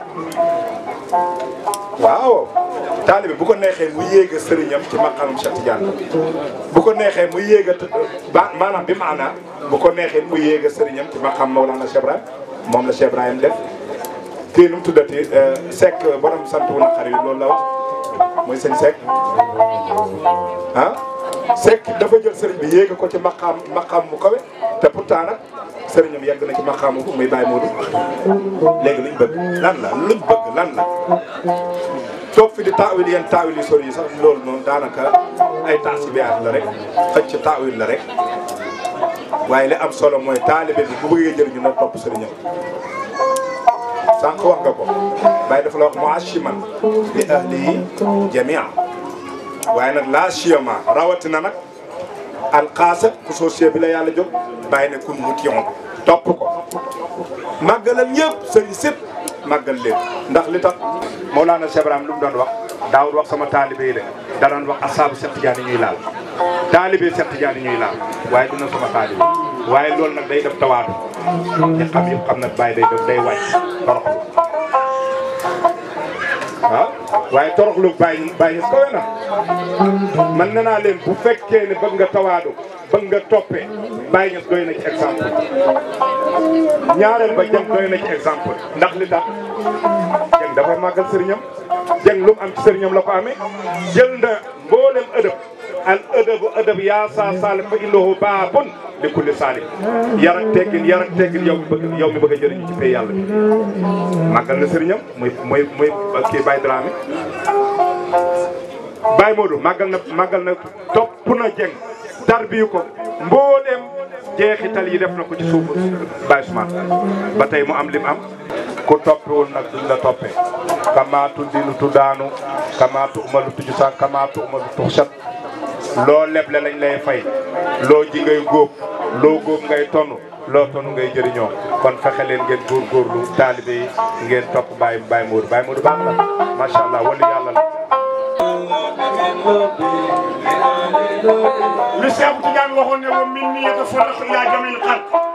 waaw taalibe bu ko neexee mu yéege sëriñam ci maqaama Cheikh Tidiane bu ko neexee mu yéege ba maanaam bi maana bu ko neexee mu yéege sëriñam ci maqaam Mawlana Cheikh Ibrahim moom la Cheikh Ibrahim def kii nu mu tuddati euh, Seck borom sant wu naqari loolu la wax mooy seen Seck ah Seck dafa jël sëriñ bi yéega ko ci maqaam maqaam mu kawe te pourtant nag sëriñam yegg na ci maqaamu muy Baye Modou léegi luñ bëgg lan la luñ bëgg lan la toog fi di taawil yenn taawil yu sori yi sax loolu noonu daanaka ay taasibiyaat la rek xëcc taawil la rek waaye li am solo mooy taalibe bi bu bëggee jëriñu na topp sëriñam sànq wax nga ko Baye dafa la wax mu ashiman li ahli jamia waaye nag laa siyama rawatina nag alxaasa xusoosiye bi la yàlla jóg bàyyi ne kun mutiyon topp ko màggalal ñëpp sëriñ sëpp màggal leen ndax li tax Mawlana Cheikh Ibrahim lu mu doon wax daawul wax sama taalibe yi de da doon wax asaabu Cheikh Tidiane ñuy laal taalibe Cheikh Tidiane ñuy laal waaye dina sama taalibe waaye loolu nag day def tawaatu xam ñi xam yëpp xam nag bàyyi day def day wàcc waaye torox lu bàyyi bàyyi kawe na man nee naa leen bu fekkee ne bëgg nga tawaadu bëgg nga toppee bàyyi ñëpp doy na ci exemple ñaareel ba jëm doy na ci exemple ndax li tax jëng dafa màggal sëriñam jëng lu am ci sëriñam la ko amee jël na mboolem ëdëb al ëdëbu ëdëb yaa saa saalif fa innahu baabun li kulli saalif yar ak teggin yar ak teggin yow mi bëgg yow mi bëgg a jëriñu ci pay yàlla bi màggal na sëriñam muy muy muy kii Baye Dramé Baye Modou màggal na na topp na jeng tarbiyu ko mbooleem jeexital yi def na ko ci suufu Baye Ousmane ba tey mu am lim am ku toppiwul nag duñ la kamaatu dinu tu daanu kamaatu umalu tuju sa kamaatu umalu tuxsat loo leble lañ lay fay loo ji ngay góob loo góob ngay tonu loo tonu ngay jëriñoo kon fexe leen ngeen góor taalibe yi ngeen topp Baye Baye Modou Baye Modou baax la macha allah wala yàlla la. li Cheikh Tidiane waxoon ne wa min niyyati farax ila jamil xalq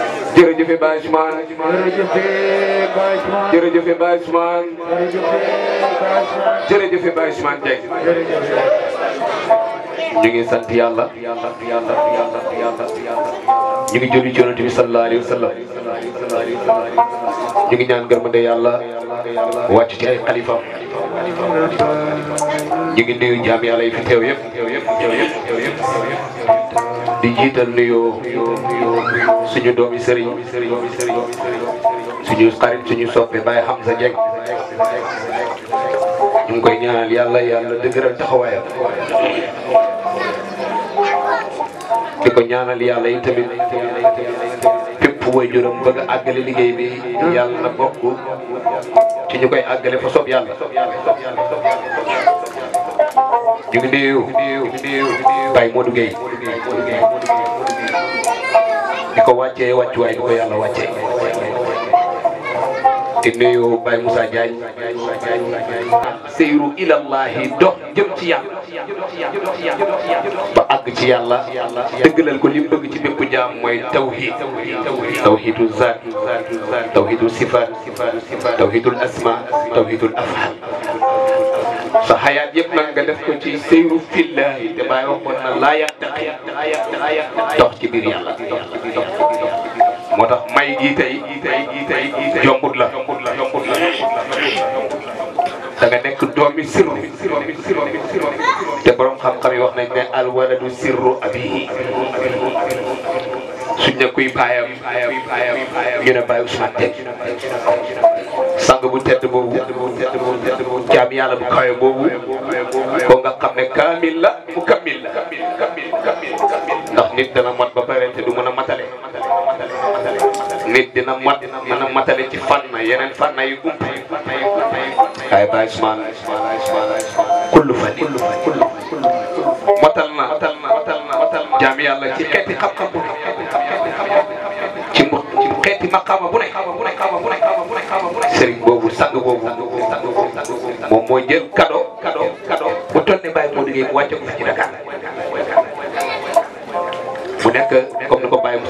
jërëjëf Baye Ousmane jërëjëf Baye Ousmane jërëjëf Baye Ousmane Dieng ñu ngi yàlla ñu ngi ci yonent bi sallallahu ngi ñaan gërëm de yàlla wàcc ci ay xalifaam nuyu jaam yàlla yi fi teew yëpp di jiital nuyoo suñu doomi sëriñ suñu xarit suñu soppe Baye Hamza Dieng ñu ngi koy ñaanal yàlla yàlla dëgëral taxawaayam di ko ñaanal yàlla yi tamit képp waajuram bëgg àggale liggéey bi yàlla na bokk ci ñu koy àggale fa soob yàlla ñu ngi nuyu Baye Modou Gueye di ko wàccee wàccuwaay di ko yàlla wàccee di nuyu Baye Moussa Diagne seyru ilallahi dox jëm ci ba àgg ci yàlla dëggalal ko li mu bëgg ci bépp jaam mooy tawhid tawhidu zaat tawhidu sifaat tawhidul asma tawhidul afal sa xayaat yëpp nag nga def ko ci seyru ci biir yàlla dox ci moo tax may gii tey yombut la da nga nekk doomi sirru te borom xam-xam yi wax nañ ne alwaladu sirru abihi suñ ne kuy baayam ñu ne baayu Ousmane Dieng sang bu tedd boobu jaam yàlla bu kawe boobu ko nga xam ne kaamil la mu kammil la ndax nit dana mat ba pare te du mën a matale. nit dina mat mën a matale ci fànn yeneen fànn yu gump waaye Baye Ousmane kullu fa kullu fa kullu matal na matal na matal na jaam yàlla ci xeeti xam-xam bu ne ci mu ci xeeti maqaama bu ne sëriñ boobu sang boobu moom moo jël kado kado kado bu toll ne Baye Modou Gueye mu wàcce ko fi ci Dakar mu nekk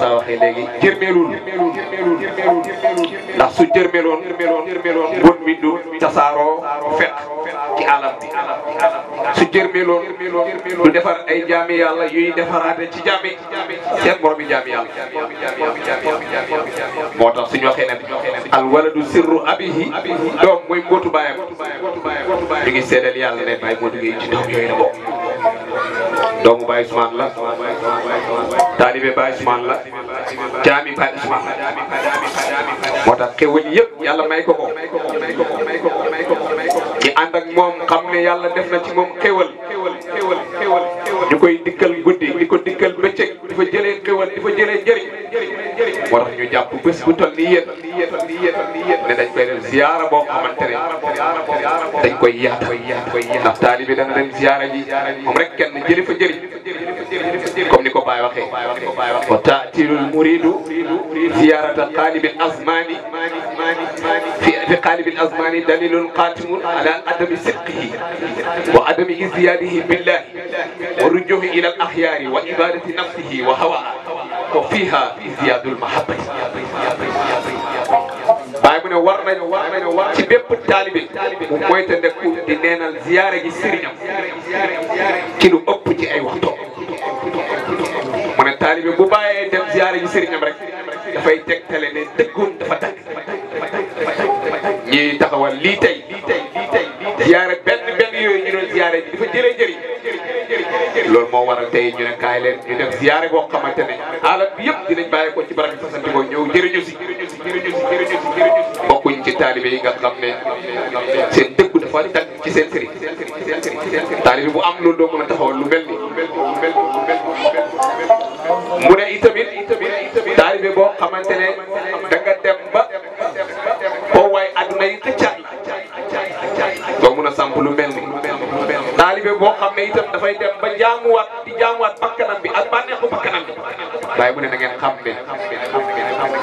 Moussa waxee léegi jërmeelul ndax su jërmeeloon bon mi du tasaaroo fekk ci alam bi su jërmeeloon du defar ay jaami yàlla yuy defaraate ci jaami seen boromi moo tax suñu waxee ne al waladu sirru abihi doom mooy mbootu baayam ñu ngi seedal yàlla ne baay moo duggee ci doom yooyu la bokk doomu Baye Ousmane la taalibe Baye Ousmane la jaami Baye Ousmane moo tax xéwal yëpp yàlla may ko ko ñi ànd ak moom xam ne yàlla def na ci moom xéwal ñu koy dikkal guddi di ko dikkal bëccëg di fa moo tax ñu jàpp bés bu toll nii yéen ne dañ koy dem ziyaara boo xamante ne dañ koy yaata ndax taalibi dana dem ziyaara ji moom rek kenn jëli fa jëriñ comme ni ko Baye waxee wa taatilul muridu ziyaarata qaalibil azmani fi qaalibil azmani dalilun qaatimun ala adami sidqihi wa adami izyadihi billahi wa rujuhi ila al axyaari wa ibadati nafsihi wa hawaa وفيها زياد المحبة baay mu ne war nañu war nañu war ci bépp taalibe mu moytandiku di neenal ziyaara gi sëriñam ci lu ëpp ci ay waxtu mu ne taalibe bu bàyyee dem ziyaara gi sëriñam rek dafay tegtale ne dëggum dafa tàgg ñi taxawal lii tey ziyaara benn benn yooyu ñu doon ziyaara ji dafa jëlee njëriñ loolu moo waral tey ñu ne kaay leen ñu def ziyaare boo xamante ne alat bi yëpp dinañ bàyyi ko ci barab bi fasante ko ñëw jërëñu si jërëñu si jërëñu si jërëñu si jërëñu si bokkuñ ci taalibe yi ne seen dëggu dafa tag ci seen sëriñ taalibe bu am loolu doo mën a taxawal lu mel ni mu ne itamit taalibe boo xamante ne da nga dem ba boo waay adduna yi xëcca ba mun a samp lu mel ni taalibe boo xam ne itam dafay dem ba jaamuwaat di jaamuwaat bakkanam bi ak bànneexu bakkanam bi waaye mu ne na ngeen xam ne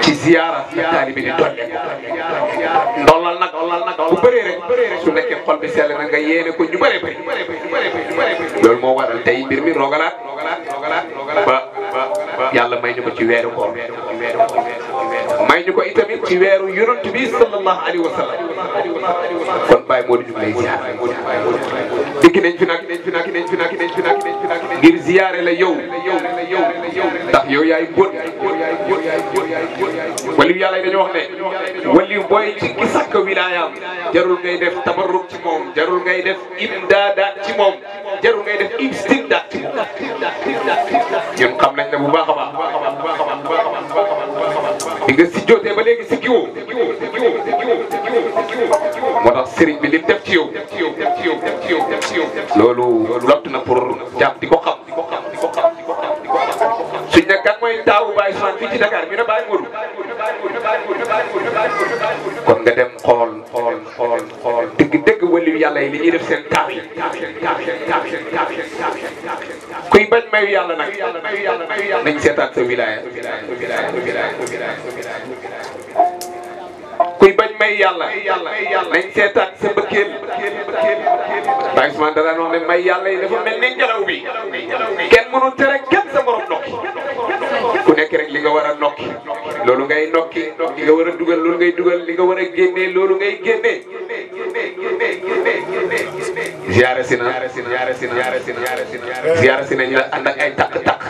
ci ziyaara taalibe di dolle ndollal nag bu bëree rek su nekkee xol bi sell na nga yéene ko ñu bëree bëri loolu moo waral tey mbir mi rogalaat ba yàlla may ñu ko ci weeru koor may ñu ko itamit ci weeru yonent bi sallallahu alayhi wa sallam kon Baye Modou ñu ngi lay ziar dikki nañ fi nag nañ fi nag nañ fi nag nañ fi nag ngir ziyaare la yow ndax yow yaay góor waliyu yàlla yi dañoo wax ne waliyu booy ci ki sàkk wilaayam jarul ngay def tabarruk ci moom jarul ngay def imdaadaat ci moom jarul ngay def imstindaat ci moom ñun xam nañ ne bu baax a baax di nga si jootee ba léegi si kiwo moo tax sëriñ bi lim def ci yow loolu lott na pour jàpp di ko xam suñ ne kan mooy taawu Baye Ousmane fii ci Dakar ñu ne Baye Modou kon nga dem xool xool xool xool dëgg dëgg waliyu yàlla yi li ñuy def seen taaw yi mayu yàlla nag nañ seetaat sa wilaaya kuy bañ may yàlla nañ seetaat sa bëkkeel Baye Ousmane da daan wax ne may yàlla yi dafa mel ni ngelaw bi kenn mënul tere kenn sa morom nokki ku nekk rek li nga war a nokki loolu ngay nokki li nga war a dugal loolu ngay dugal li nga war a génnee loolu ngay génnee ziyaare si na ziyaare si na ziyaare si na ziyaare si na ñu ànd ak ay takk takk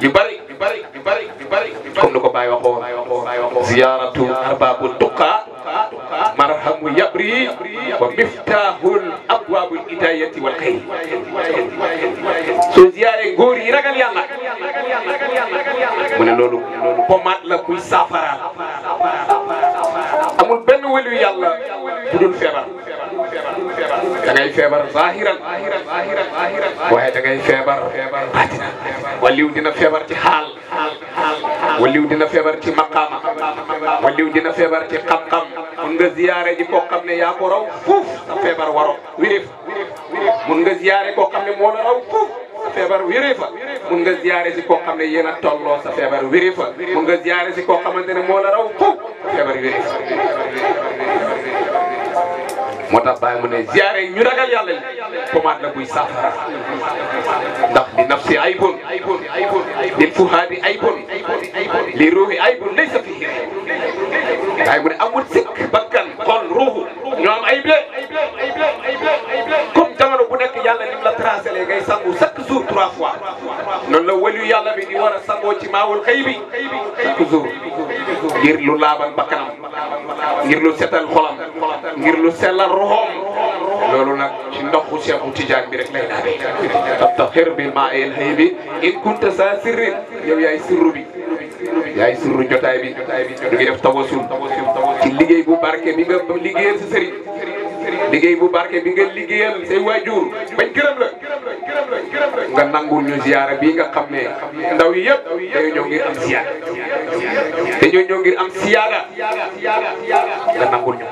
yu bari yu bari yu bari yu bari comme ni ko Baye waxoon ziyaaratu arbaabu tuqa marhamu yabri wa miftahul abwaabul hidayati wal xayr soo ziyaare góor yi ragal yàlla mu ne loolu pomaat la kuy saafara amul benn wëlu yàlla bu dul feebar da ngay feebar zahiran waaye da ngay feebar baatina waliw dina feebar ci xaal waliw dina feebar ci maqaama waliw dina feebar ci xam-xam mun nga ziyaare ji koo xam ne yaa ko raw fuuf sa feebar waro wirif mun nga ziyaare koo xam ne moo la raw fuuf sa feebar wéree fa mun nga ziyaare si koo xam ne yéen a tolloo sa feebar wéree fa mun nga ziyaare si koo xamante ne moo la raw fuuf sa feebar wéree fa moo tax bàyyi mu ne ziare ñu ragal yàlla yi pommade la buy saafara ndax li nafsi aybun lil fuhaadi aybun li ruuxi aybun laysa fihi bàyyi mu ne amul sikk bakkan xol ruuxu ñoo am ayib de comme jamono bu nekk yàlla lim la tracé lee ngay sangu chaque jour trois fois noonu la wëlu yàlla bi di war a sangoo ci maawul xëy bi chaque jour ngir lu laabal bakkanam ngir lu setal xolam. ngir lu sellal ruxoom loolu nag ci ndoxu Seexu Tijaan bi rek lay naanee tattahir bi maa el hay bi in kunta saa sirrin yow yaay sirru bi yaay sirru jotaay bi ñu ngi def tawasul ci liggéey bu barke bi nga liggéeyal si sëriñ liggéey bu barke bi nga liggéeyal say waajur bañ gërëm la nga nangul ñu ziyaara bi nga xam ne ndaw yi yëpp dañoo ñëw am ziyaara nga nangul ñu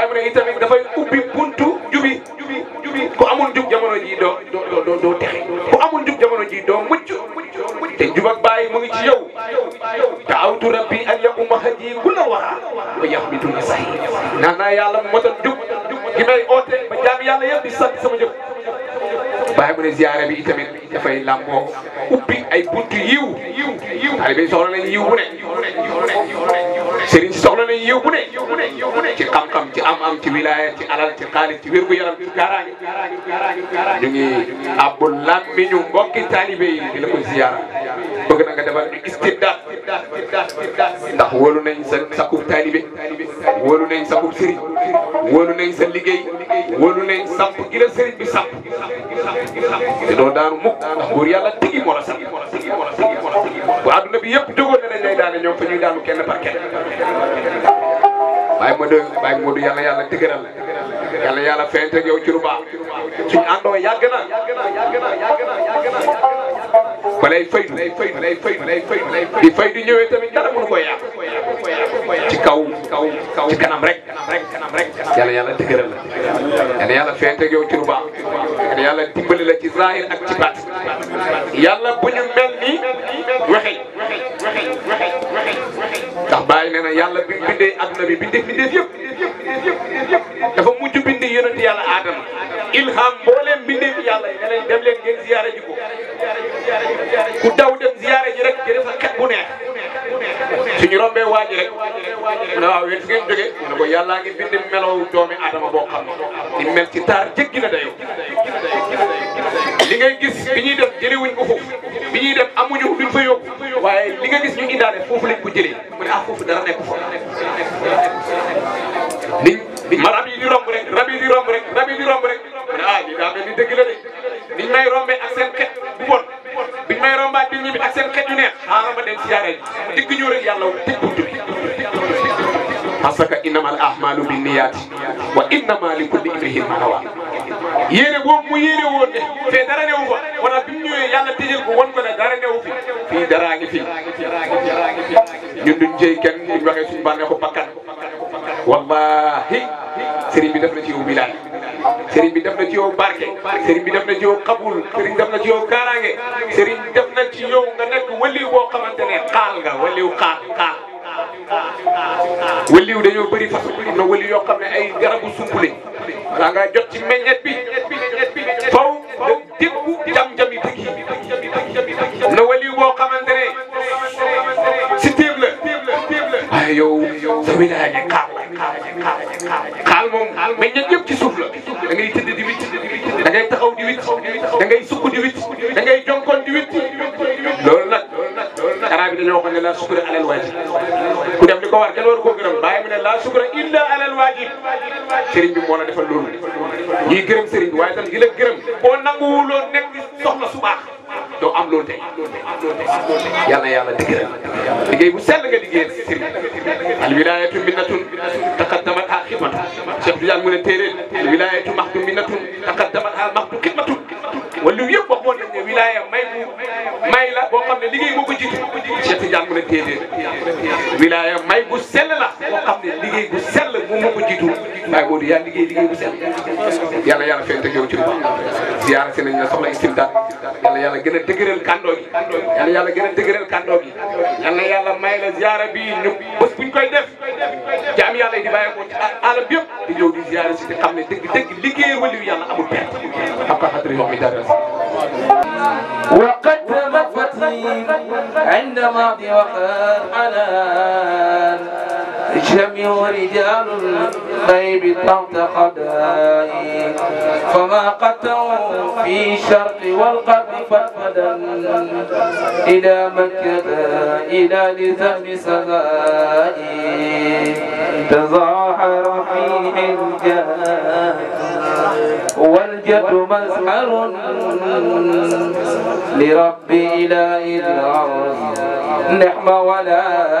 waaye mu ne it tamit dafay ubbi buntu jubi jubi jubi ku amul jub jamono ji doo doo doo doo texe ku amul jub jamono ji doo mucc te jub ak bàyyi mu ngi ci yow te awtu rabbi an ya umma haji ku la wara ba yàq bi tuuti sax naan naa yàlla motal jub gi may oote ba jaam yàlla yëpp di sant sama jëf. bàyyi mu ne ziyaare bi itamit dafay làmboo ubbi ay buntu yiw yiw yiw taalibe soxla nañ yiw bu ne sëriñ si soxla nañ yiw bu ne ci xam-xam ci am-am ci wilaya ci alal ci xaalis ci wér-gu-yaram ci kaaraange ñu ngi abbu làmmi ñu mbokki taalibe yi di la ko ziyaara bëgg na nga defal ñu istibdaat ndax wóolu nañ sa sakub taalibe wóolu nañ sakub sëriñ wóolu nañ sa liggéey wóolu nañ samp gi la sëriñ bi samp te doo daanu mukk ndax buur yàlla tigi moo la sax bu àdduna bi yëpp jógoon na dañ lay daane ñoom fa ñuy daanu kenn par kenn Baye Modou Baye Modou yàlla yàlla dëgëral la yàlla yàlla feeñte ak yow ci lu baax suñu yàgg na yàgg na yàgg na yàgg na lay fay lay fay lay fay lay fay ci kaw kaw kaw ci kanam rek kanam rek yàlla yàlla dëgëral la yàlla yàlla feeñte ak yow ci lu baax yàlla yàlla ci zahir ak ci baat yàlla bu ñu mel ni waxee waxee waxee waxee ndax Baye nee bindee àdduna bi bindee bi des yëpp dafa mujj bind yonent yàlla aadama ilham mbooleem bindee fi yàlla ne leen dem leen ngeen ziyaare ji ko ku daw dem ziyaare ji rek jëlee sa xet bu neex suñu rombee waa ji rek mu ne waaw yéen fi ngeen jógee mu ne ko yàllaa ngi bind melow doomi aadama boo xam ne di mel ci taar jéggi na dayoo li ngay gis bi ñuy def jëlewuñ ko foofu bi ñuy def amuñu duñ fa yóbbu waaye li nga gis ñu indaale foofu lañ ko jëlee mu ne ah foofu dara nekk amrihim yéene boobu mu yéene woon de fee dara newu fa a bi mu ñëwee yàlla tëjal ko wan ko ne dara newu fi fii daraa ngi fi ñun duñ jëy kenn buñ waxee suñu bànnee ko bakkan wallahi sëriñ bi def na ci yow bilaay sëriñ bi def na ci yow barke sëriñ bi def na ci yow xabul sëriñ def na ci yow kaaraange sëriñ def na ci yow nga nekk waliw boo xamante ne xaal nga waliw xaal xaal waliw dañoo bëri fas am na balaa ngaa jot ci meññet bi faw nga déggu jam-jami diggi na wali boo xamante ne si téeb la waaye yow sa wilaaya ji xaal xaal moom meññet yëpp ci suuf la da ngay tëdd di wit da ngay taxaw di wit da ngay sukk di wit da ngay jonkoon di wit loolu nag arab yi dañoo xam ne la sukura alal waajib ku def li ko war kenn war koo gërëm bàyyi mu ne la sukura illa sëriñ bi moo la defal loolu ñuy gërëm sëriñ bi waaye tam di la gërëm boo nanguwuloo nekk soxla su baax doo am loolu tey yàlla yàlla dëgëral liggéey bu sell nga liggéeyal sëriñ al wilayatu minnatun taqaddamat ha xidmatu Cheikh Tidiane mu ne téeréel al wilayatu maxtu minnatun taqaddamat ha maxtu xidmatu wala yëpp waxoon nañ ne wilaya may bu may la Modou yaa liggéey liggéey bu sell yàlla yàlla feente yow ci lu baax ziyaara si nañ la soxla istimdaat yàlla yàlla gën a dëgëral kàndoo gi yàlla yàlla gën a dëgëral kàndoo gi yàlla yàlla may la ziyaara bi ñu bés buñ koy def jaam yàlla yi di bàyyeekoo ci àll bi yëpp di ñëw di ziyaara si di xam ne dëgg dëgg liggéey waliyu yàlla amul perte xaqa xadri yomi daras وقد مفتي عند ماضي وقر حنان اجتمعوا رجال الغيب تحت قدائي فما قتلوا في الشرق والغرب فابدا إلى مكة إلى لزام سمائي تظاهر فيه الجاه والجد مزهر لرب إله العرش نعم ولاؤه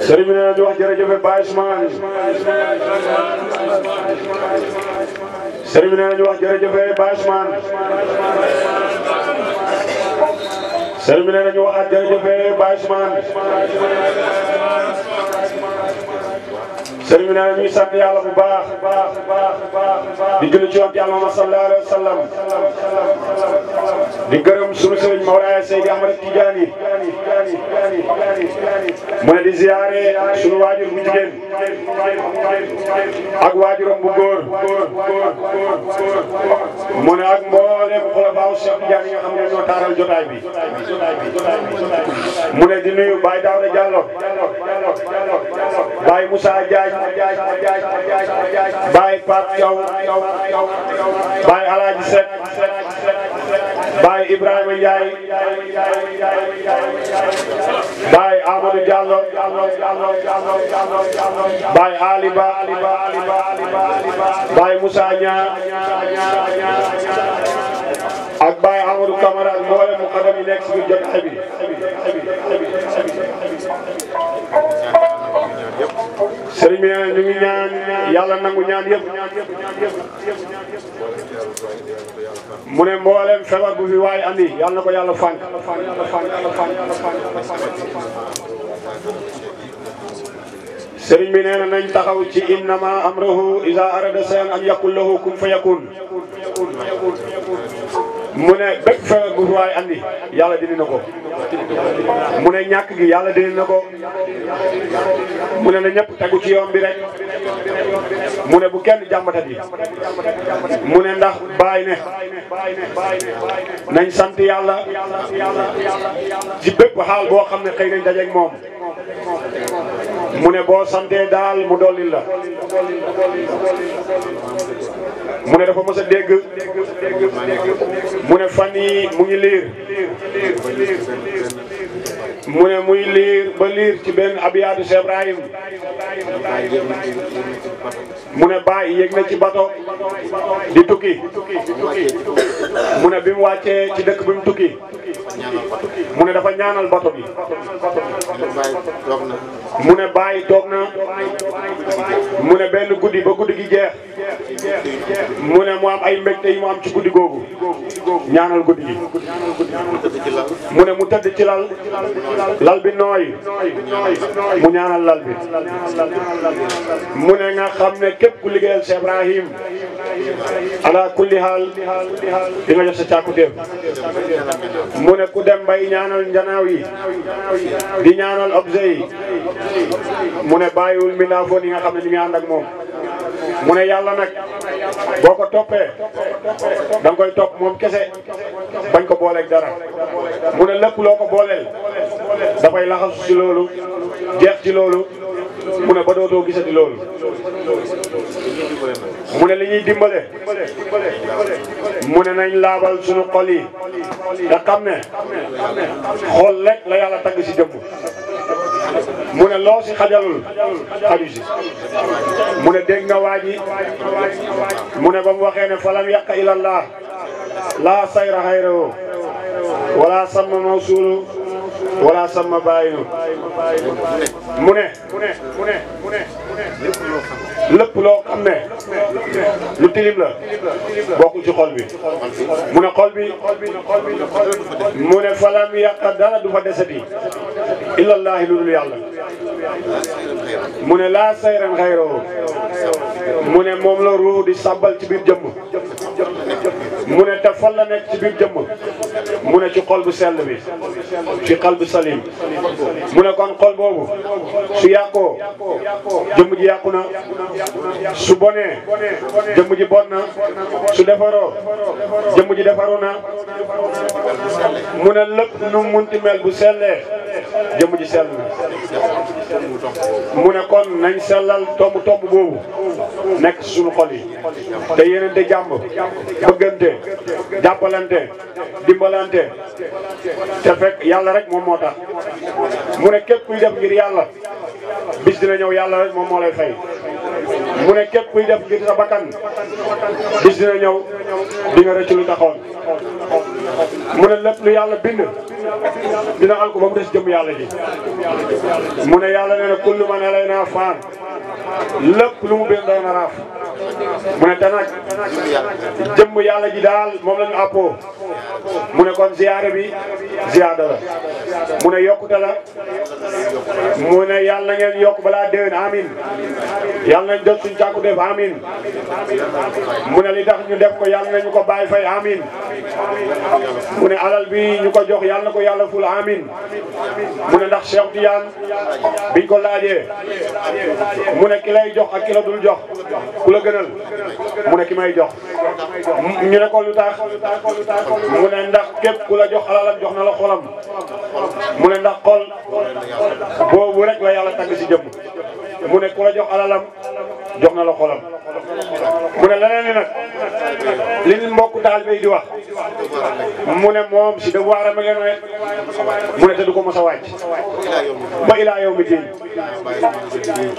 sëriñ bi nee na di wax jërëjëf Baye Ousmane sëriñ bi nee na di wax jërëjëf Baye Ousmane sëriñ bi nee na di wax jërëjëf sëriñ bi nee na ñuy sant yàlla bu baax baax baax baax di julli ci yonent yàlla Muhammad sallallahu alayhi wa sallam di gërëm sunu sëriñ Mawlaay Seydi Ahmad Tidiane mu ne di ziare sunu waajur bu jigéen ak waajuram bu góor mu ne ak mboolem xulafaaw Cheikh Tidiane yi nga xam ne ñoo taaral jotaay bi mu ne di nuyu Baye Daouda Diallo Baye Moussa Diagne Baye Pape Thiaw Baye Alaaji Seck Baye Ibrahima Ndiaye Baye Amadou Diallo Baye Ali Ba Baye Moussa Niang ak Baye Amadou Camara ak mboolem muqaddam yi nekk ci biir jotaay bi sëriñ bi ñu ngi ñaan yàlla nangu ñaan yëpp mu ne mboolem feebar bu fi waay andi yàlla na ko yàlla fànk sëriñ bi nee na nañ taxaw ci innama amruhu iza arada shay'an an yaqul lahu kun fayakun mu ne bépp feebar bu waay andi yàlla dindi na ko mu ne ñàkk gi yàlla dindi na ko mu ne na ñëpp tegu ci yoon bi rek mu ne bu kenn jàmbatat yi mu ne ndax bàyyi ne nañ sant yàlla ci bépp xaal boo xam ne xëy nañ dajeeg moom mu ne boo santee daal mu dolli la mu ne dafa mos a dégg mu ne fan yi mu ngi liir mu ne muy liir ba liir ci benn abiyaatu Cheikh Ibrahim mu ne bàyyi yeg na ci bato di tukki mu ne bi mu wàccee ci dëkk bi mu tukki mu ne dafa ñaanal bato bi. mu ne bàyyi toog na. mu ne benn guddi ba guddi gi jeex. mu ne mu am ay mbégte yi mu am ci guddi googu. ñaanal guddi gi. mu ne mu tëdd ci lal. lal bi nooy. mu ñaanal lal bi. mu ne nga xam ne képp ku liggéeyal Cheikh Ibrahim. ala kulli haal di nga jox sa càkkutéef. mu ne ku dem bay ñaanal njanaaw yi di ñaanal objet yi mu ne bàyyiwul mbindaafoon yi nga xam ne ñu ngi ànd ak moom mu ne yàlla nag boo ko toppee da koy topp moom kese bañ ko booleeg dara mu ne lépp loo ko booleel koy laxasu ci loolu jeex ci loolu mu ne ba dootoo gisati loolu mu ne li ñuy dimbale mu ne nañ laabal suñu xol yi nga xam ne xol rek la yàlla tagg si jëmm mu ne loo si xajalul xaju si mu ne dégg nga waa ji mu ne ba mu waxee ne falam yàq ilallah laa sayra xayrawo wala sama mawsuulu wala sama bàyyi nu mu ne lépp loo xam ne lu tilim la bokk ci xol bi mu ne xol bi mu ne falam yàqa dara du fa desati illallaahi lu dul yàlla mu ne laa sayran xayroo mu ne moom la ruux di sàbbal ci biir jëmm mu ne te fan la nekk ci biir jëmm mu ne ci xol bu sell bi ci xal bu salim mu ne kon xol boobu su yàqoo jëmm ji yàqu na su bonee jëmm ji bon na su defaroo jëmm ji defaru na mu ne lépp nu munti mel bu sellee jëmm ji sell na mu ne kon nañ sellal tomb tomb boobu nekk ci suñu xol yi te yéenante jàmm bëggante jàppalante dimbalante volonté te fekk yàlla rek moom moo tax mu ne képp kuy def ngir yàlla bis dina ñëw yàlla rek moom moo lay fay mu ne képp kuy def ngir sa bakkan bis dina ñëw di nga rëcc lu taxoon mu ne lépp lu yàlla bind dina alko ba mu des jëm yàlla ji mu ne yàlla nee na kullu man alayna faan lépp lu mu biir day na raaf mu ne yàlla ji daal moom la àppoo mu kon ziyaare bi ziyaada la mu yokkute la mu yàlla na ngeen yokk balaa déwén amin yàlla nañ jot suñu càkku def amin mu li tax ñu def ko yàlla nañu ko bàyyi fay amin mu alal bi ñu ko jox yàlla na ko yàlla ful amin mu ndax Cheikh biñ ko laajee mu ne ki lay jox ak kilo la dul jox ku la gënal mu ne ki may jox ñu ne ko lu tax mu ne ndax képp ku la jox alalam jox na la xolam mu ne ndax xol boobu rek la yàlla tagg ci jëmm mu ne ku la jox alalam jox na la mu ne leneen li ñu mbokk taalibe yi di wax mu ne moom si daf waaram a ngeen mu ne te ko mos a wàcc ba yow mi diin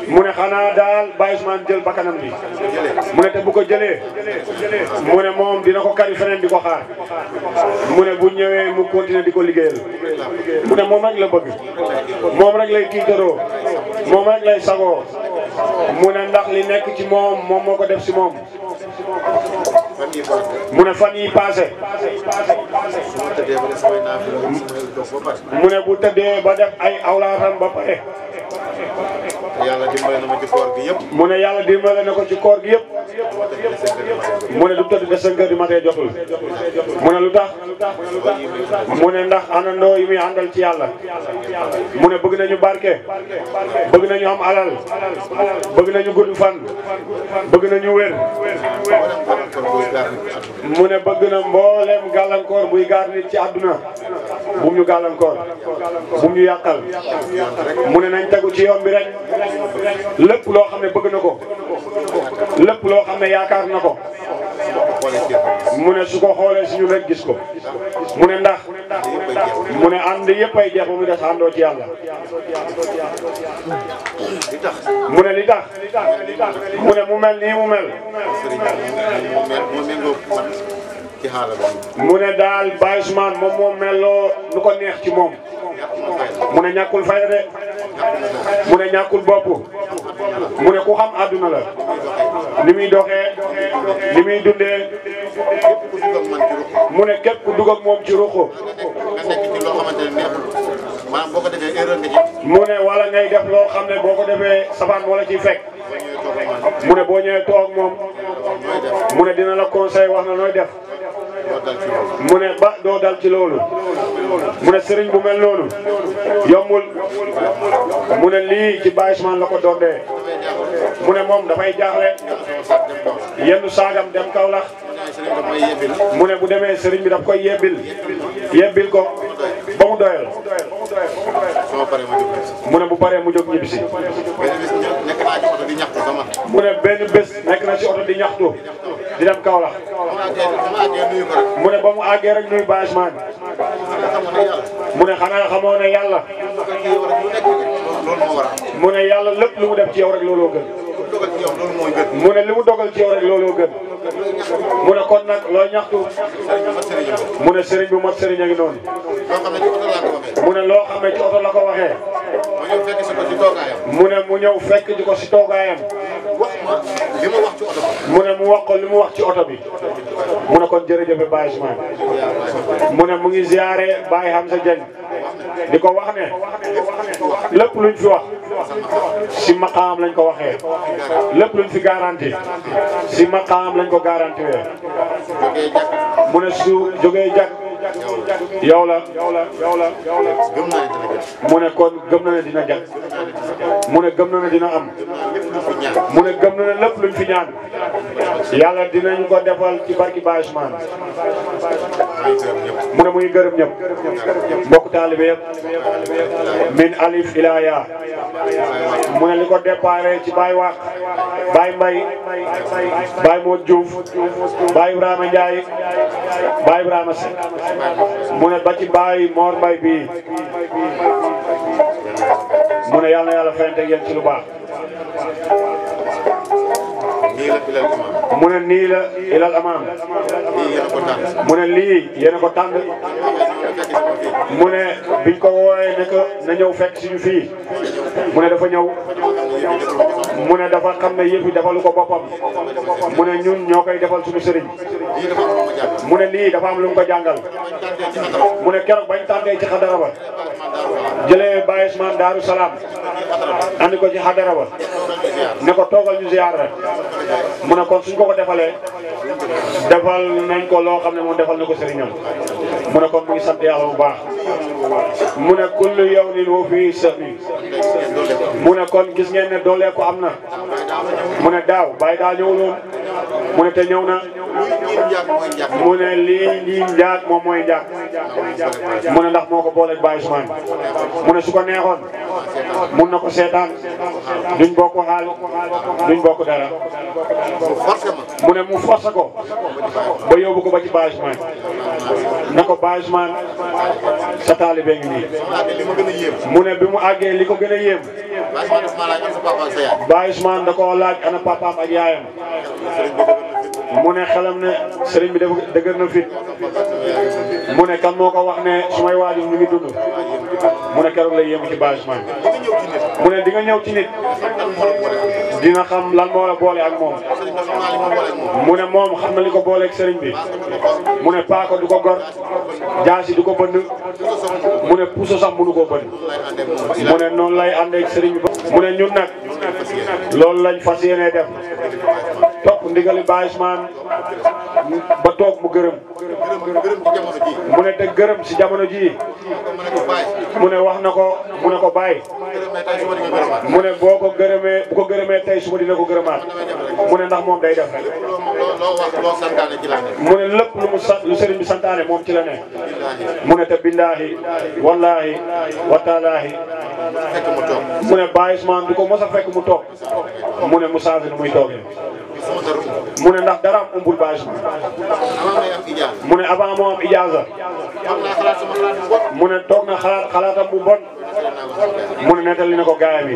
mu ne xanaa daal Baye Ousmane jël bakkanam bi mu ne te bu ko jële mu ne moom dina ko kari feneen di ko xaar mu ne bu ñëwee mu continuer di ko liggéeyal mu ne moom rek la bëgg moom rek lay tiitaroo moom rek lay sagoo mu ne ndax li nekk ci moom moom moo ko def si moom. mu ne fan yii passé. mu ne bu tëddee ba def ay awlaatam ba pare. yàlla dimbale na ma ci koor gi yëpp. mu ne yàlla dimbale na ko ci koor gi yëpp. mu ne lu tëdd de sa kër di matee jotul. mu ne lu tax. mu ne ndax àndandoo yi muy àndal ci yàlla. mu ne bëgg na nañu barke. bëgg nañu am alal. bëgg nañu gudd fan. bëgg nañu wér. mu ne bëgg na mbooleem gàllankoor buy gaar nit ci àdduna. bu ñu gàllankoor. bu ñu yàqal. mu ne nañ tegu ci yoon rek. lépp loo xam ne bëgg na ko lépp loo xam ne yaakaar na ko mu ne su ko xoolee si ñun rek gis ko mu ne ndax mu ne ànd yëpp ay jeex ba mu des àndoo ci yàlla mu ne li tax mu ne mu mel nii mu mel mu ne daal Baye Ousmane moom moo meloo lu ko neex ci moom mu ne ñàkkul fayda de mu ne ñàkkul bopp bopp mu ne ku xam àdduna la li muy doxe li muy dundee mu ne képp ku moom ci ruqu maanaam mu ne wala ngay def loo xam ne boo ko defee safaan moo la ciy fekk. mu ne boo ñëwee toog moom. mu ne dina la conseil wax na nooy def. mu ne ba doo dal ci loolu mu ne sëriñ bu mel noonu yombul mu ne lii ci bâchement la ko doggee mu ne moom dafay jaaxle yenn saagam dem Kaolack mu ne bu demee sëriñ bi daf koy yebbil yebbil ko ba mu doyal mu ne bu paree mu jóg ñibbi si. mu benn bés nekk na ci oto di ñaxtu di dem Kaolack. mu ne ba mu àggee rek nuyu bâchement bi. mu xanaa xamoo ne yàlla. mu ne yàlla lépp lu mu def ci yow rek looloo gën. mu ne li mu dogal ci yow rek gën. mu ne kon nag looy ñaxtu. mu ne sëriñ bu mat sëriñ a ngi noonu. mu ne loo xam ne la ko waxee. mu ne mu ñëw fekk di ko si toogaayam. mu ne mu wax ko li mu wax ci oto bi. mu ne kon jërëjëf Baye Ousmane. mu ne mu ngi ziare Baye Hamza Dieng. di ko wax ne. lépp luñ fi wax. si maqaam lañ ko waxee. lépp luñ fi garanti si maqaam lañ ko garanti wee mu ne su jógee jàkk yow la yow la yow la yow la mu ne kon gëm na ne dina jag mu ne gëm dina am mu ne gëm na ne fi ñaan yàlla dinañ ko defal ci barki Baasmaan mu ne muy gërëm ñëpp mbokk taalibe min alif ila mu ne li ko déparé ci Baye Wax Baye Mbaye Baye Modou Diouf Baye Ibrahima Ndiaye Baye Ibrahima Seck mu ne ba ci bàyyi Mor Mbaye bii mu ne yàlla na yàlla fayante ak yéen ci lu baax. nii mu ne nii la ilal amaam. ko mu ne lii yene a ko tànn. mu ne biñ ko woowee ne ko na ñëw fekk suñu fii. mu ne dafa ñëw. mu ne dafa xam ne yëf yi defalu ko boppam. mu ne ñun ñoo koy defal suñu sëriñ. mu ne lii dafa am lu ko jàngal. mu ne keroog bañ tànnee ci xadara ba. jëlee Baye Ousmane Daaru Salaam andi ko ci xadara ba ne ko toogal ñu ziar rek mu ne kon suñ ko ko defalee defal nañ ko loo xam ne moom defal na ko sëriñam mu ne kon mu ngi sant bu baax mu ne kullu yow wa fii sami mu ne kon gis ngeen ne doolee ko am na mu daaw Baye daa ñëwul woon mu ne te ñëw na mu ne lii lii njaag moom mu ne ndax moo ko booleeg Baye Ousmane mu ne su ko neexoon mun na ko seetaan duñ bokk xaal duñ bokk dara mu ne mu force ko ba yóbbu ko ba ci Baye Ousmane ko Baye sa taalibe mu ne bi mu àggee li ko gën a yéem Baye Ousmane da laaj ana papaam ak yaayam mu ne xelam ne sëriñ bi dëgër na fi mu ne kan moo ko wax ne sumay waajur ñu ngi dund mu ne keroog lay yëngu ci basement bi mu ne di nga ñëw ci nit dina xam lan moo la boole ak moom mu ne moom xam na li ko booleeg sëriñ bi mu ne paako du ko gor jaasi du ko bënd mu ne puso sax mënu koo bënd mu ne noonu lay àndeeg sëriñ bi mu ne ñun nag loolu lañ fas yéene topp ndigali Baye Ousmane ba toog mu gërëm. mu ne te gërëm si jamono jii. mu ne wax na ko mu ne ko bàyyi. mu ne boo ko gërëmee bu ko gërëmee tey suba dina ko gërëmaat. mu ne ndax moom day def rek. mu ne lëpp lu mu sant lu sëriñ santaane moom ci la ne. mu ne te billaahi wallaahi wataalaahi. mu ne Baye Ousmane ko mos a fekk mu toog. mu ne mu saafir muy toogee. mu ne ndax dara am umbul bâche bi mu ne avant moo am ijaaza mu ne toog na xalaat xalaatam bu bon mu ne nettali na ko gaay bi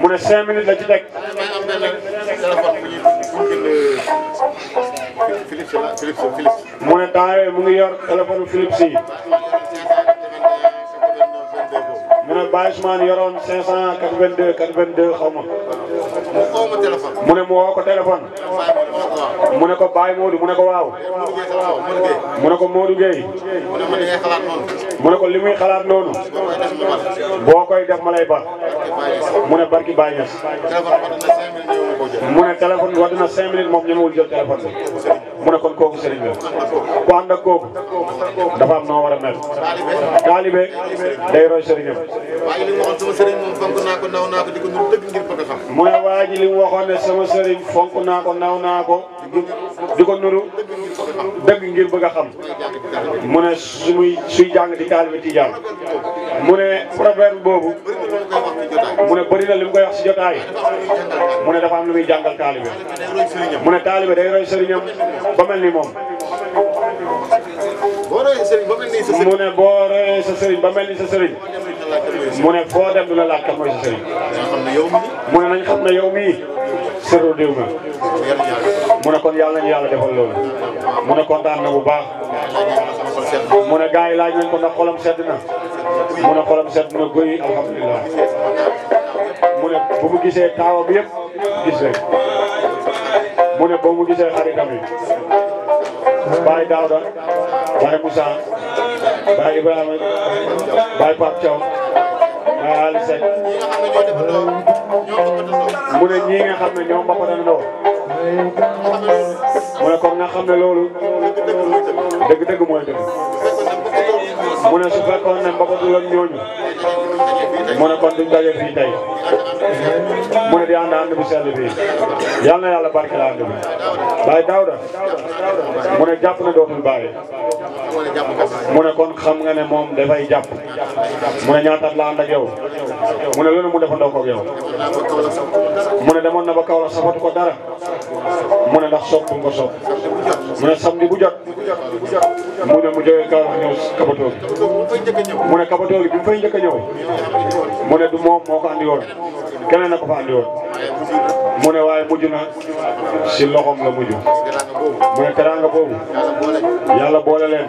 mu ne cinq minutes la ci teg mu ne temps yooyu mu ngi yor téléphone Philips yi mu ne bâche man yoroon 582 82 xaw ma mu ne mu woo ko téléphone. mu ne ko Baye Modou mu ne ko waaw. mu ne ko Modou Gueye. mu ne ko li muy xalaat noonu. boo koy def ma lay bar. mu ne barki Baye Niass. mu ne téléphone war na cinq minutes moom ñemewul jël téléphone mu ne kon kooku sëriñ la. ku ànd ak kooku. dafa a mel. taalibe day roy sëriñam. waaye li mu fonk naa ko naa ko di ko nur dëgg ngir bëgg xam mu ne waa ji li ne sama sëriñ fonk naa ko naw naa ko di ko nuru dëgg ngir bëgg a xam mu ne su muy suy jàng ci taalibe Tijaan mu ne problème boobu mu ne bëri na li mu si jotaay mu ne dafa am lu muy jàngal taalibe mu ne taalibe day roy sëriñam ba mel ni moom mu ne boo royee sa sëriñ ba mel ni sa sëriñ mu ne koo dem du la laaj kan mooy sa sëriñ mu ne nañ xam ne yow mii sëroo diw nga kon yàlla nañu yàlla defal loolu mu ne kontaan na bu baax mu ne gars laaj nañ ko ndax xolam sedd na mu ne xolam sedd na guy alhamdulilah mu bu mu gisee taawa bi yëpp gis leen mu mu gisee xaritam yi Baye Daouda Baye Moussa Baye Ibrahima Baye Pape al set mu ne ñii nga xam ne ñoom ba ko doon doon mu ne kon nga xam ne loolu dëgg-dëgg mooy dëgg mu ne su fekkoon ne mbokk du ñooñu mu ne kon duñ daje fii mu ne di ànd ànd bu sell bi yàlla barke la ànd bi Baye Daouda mu ne jàpp na dootul bàyyi mu ne kon xam nga ne moom dafay jàpp mu ne ñaataat la ànd ak yow mu ne loolu mu defandoo ko mu ne demoon na ba kaw la ko dara mu ne ndax sopp nga sopp mu ne samedi mu mu jógee mu ne kabatoo njëkk a ñëw mu ne moom moo ko andi woon keneen a ko fa andi woon mu ne waaye mujj na si loxoom la mujj mu ne teraanga boobu yàlla boole leen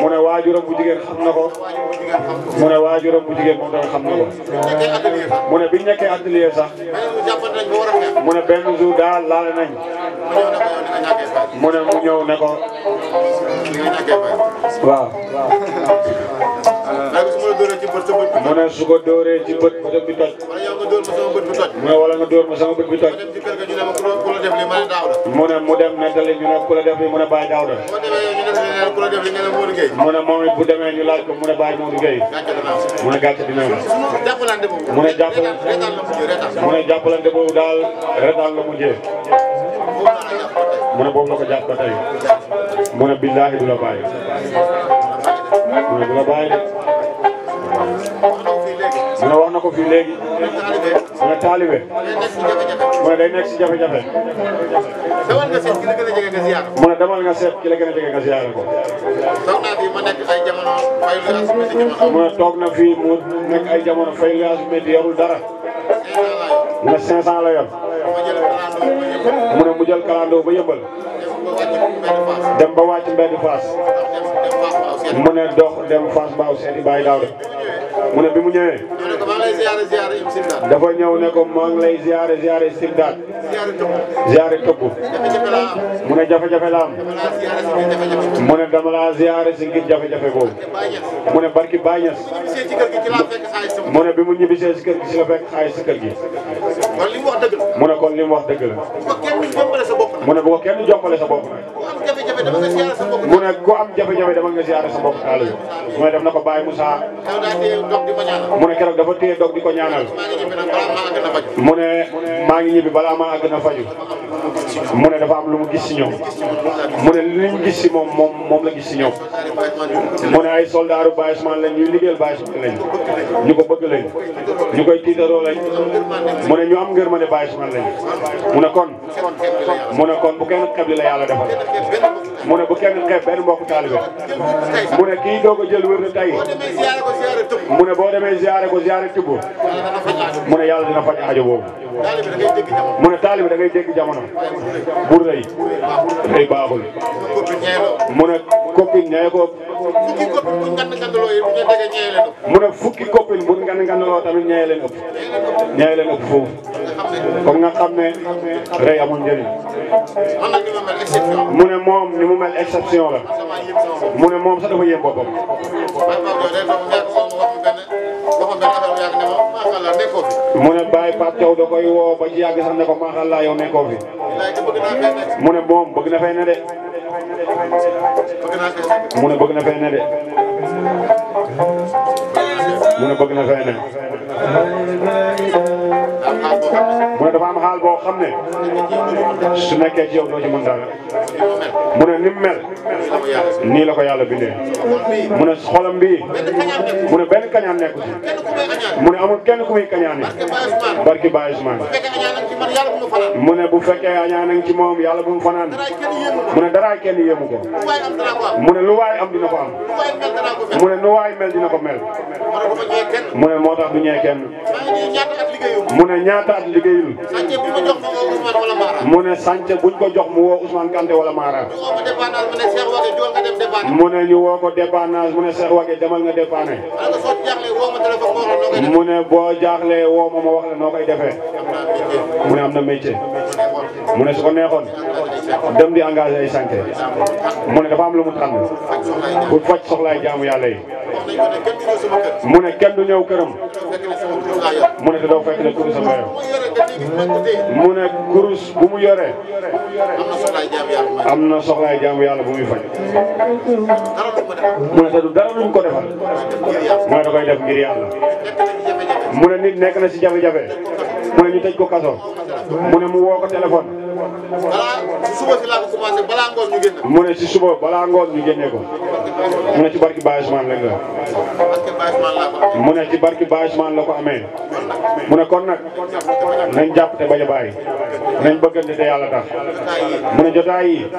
mu ne waajuram bu jigéen xam na ko mu ne waajuram bu jigéen moom tamit xam na ko mu ne biñ nekkee atelier sax mu ne benn jour daal laale nañ mu ne mu ñëw ne ko waaw mu ne su ko dooree bët bët bi toj. mu ne wala nga door ma sama bët bi toj. mu ne mu dem nettali ñu ne ku la def li a ne Baye Daouda. mu ne moom it bu demee ñu laaj ko mu ne Baye Modou Gueye. mu ne gàcce dina a mu ne jàppalante mu ne boobu daal retaan la mujjee. mu ne boobu la ko jàpp ba tey. mu ne billaahi du la bàyyi. mu ne du la mu ne wax na ko fii léegi mu taalibe mu ne day nekk si jafe-jafe. mu ne demal nga seet ki la gën a jege nga ziyaara ko. mu ne toog na fii mu nekk ay jamono fay lu yaas métti yorul dara. mu ne 500 la yor. mu ne mu kalandoo ba yëmbal. dem ba wàcc mbedd faas. mu ne dox dem faas baaw seeti bàyyi daaw de. mu ne bi mu ñëwee. dafa ñëw ne ko maa ngi lay ziare ziare Sibdaat. ziare Topp. mu ne jafe-jafe la mu ne dama laa ziare si ngir jafe-jafe boobu. mu ne barki Bañes. mu ne bi mu ñibbisee si kër gi si la fekk xaalis si kër gi. mu ne kon li wax dëgg la. mu ne bu ko kenn jombale sa bopp nag mu ko ku am jafe-jafe dama nga ziare sa bopp taalibe mu ne def na ko Baye Moussa mu ne keroog dafa téye dog di ko ñaanal mu ne maa ngi ñibbi balaa maa àgg na faju mu ne dafa am lu mu gis si ñoom mu ne li ñu gis si moom moom moom la gis si ñoom mu ne ay soldaaru Baye Ousmane lañ ñuy liggéeyal Baye Ousmane lañ ñu ko bëgg lañ ñu ko tiitaroo lañ mu ne ñu am ngërmande Baye Ousmane lañ mu ne kon mu ne kon bu kenn xeeb li la yàlla defal mu ne bu kenn xeeb benn mbokk taalibe mu ne kii doog a jël wér na tey mu ne boo ziare ko ziare tibb mu ne yàlla dina faj aajo boobu mu ne taalibe da ngay dégg jamono bu rëy rëy baaxul mu ne copine ñee ko mu ne fukki copine bu ngan nganloo tamit ñee leen ëpp ñee leen comme nga xam ne rey amul njëriñ mu ne moom ni mu mel exception la mu ne moom sax dafa yéem boppam. mu ne Baye Pape Thiaw da koy woo ba ci sax ne ko maa xam laa yow nekkoo fi mu ne moom bëgg na fay ne de mu ne bëgg na fay ne de. mu ne bëgg na fay ne mu ne dafa am xaal boo xam ne su nekkee ci yow doo ci mën dara mu ne ni mu mel nii la ko yàlla bindee mu ne xolam bii mu ne benn kañaan nekku ci mu ne amul kenn ku muy kañaan yi barki mu ne bu fekkee añaan ci moom yàlla bu mu fanaan mu ne daraay kenn yéemu ko mu ne lu waay am dina ko am mu ne lu waay mel mel dina ko mel. mu ne moo tax du ñee kenn. mu ne ñaata at liggéeyul. mu ne sànce buñ ko jox mu woo Ousmane Kanté wala Mara. mu ne ñu woo ko dépannage mu ne Cheikh Wague demal nga dépanné. mu ne boo jaaxlee woo ma ma wax la noo koy defee. mu ne am na métier. mu ne su ko neexoon dem di engagé ay sànq mu ne dafa am lu mu tànn pour faj soxlaay jaamu yàlla yi mu ne kenn du ñëw këram mu ne te doo fekk ne kurus a mayoo mu ne kurus bu mu yore am na soxlaay jaamu yàlla bu muy faj mu ne te du dara ko defal mu ne da koy def ngir mu ne nit nekk na si jafe-jafe mu ne ñu tëj ko kaso mu ne mu woo ko téléphone mu ne si suba balaa ngoon ñu génne ko. mu ne ci barki Bageman lañ la. mu ne ci barki Bageman la ko amee. mu ne kon nag nañ jàpp te bañ a bàyyi. nañ bëggante te yàlla tax. mu ne jotaay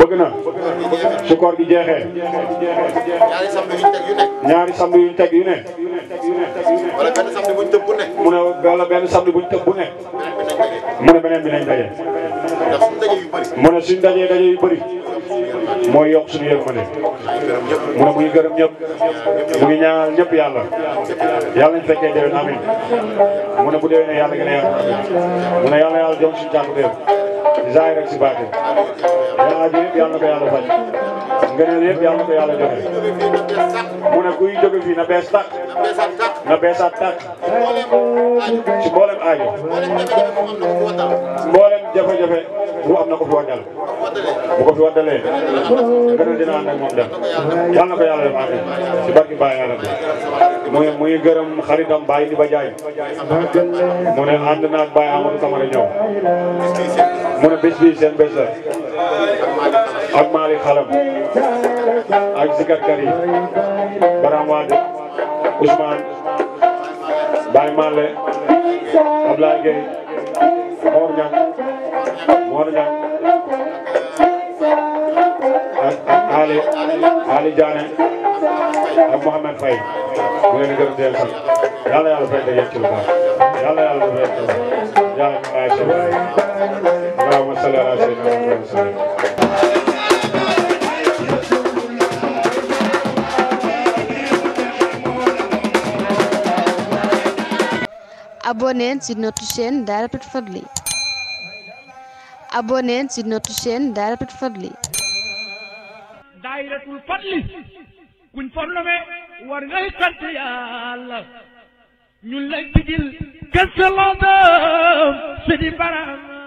bëgg na su koor gi jeexee. ñaari samedi yuñ teg yu ne. mu ne wala benn samedi buñ tëb bu ne. mu ne beneen bi nañ daje. mu ne suñ dajee daje yu mooy yokk suñu yërmande mu ne mu ngi gërëm ñëpp mu ngi ñaanal ñëpp yàlla yàlla ñu fekkee déwén amiin mu ne bu déwénee yàlla gën a yàlla mu ne yàlla yàlla jox zaahir ak si baatin aajo yëpp na ko yàlla faj ngëneel yëpp na ko yàlla mu ne kuy jóge na bees tàkk na beesaat tàkk ci mboolem aajo jafe-jafe bu am na ko fi wàññal bu ko fi wàññalee ngëneel dina ànd ak moom dem yal na ko yàlla def ànd ci barki Baay Yàlla bi muy muy gërëm Baay di ba jaay mu ne ànd naag Baay Amadou Camara mu ne bés bii seen bés la ak maali xalam ak zikarkat yi Baram Wade Ousmane Baye Malle Ablaye Gueye Mor Niang Mor Niang ak Ali Ali Diané ak Mouhamed Faye mu leen di gërëm di leen sant yàlla yàlla fekk yegg ci lu baax yàlla yàlla defal yàlla ñu bàyyi اللهم صل على سيدنا محمد وسلم abonnez sur kuñ fornome war ngay sant Yàlla ñun lay bigil gëstaloo doom sidi baram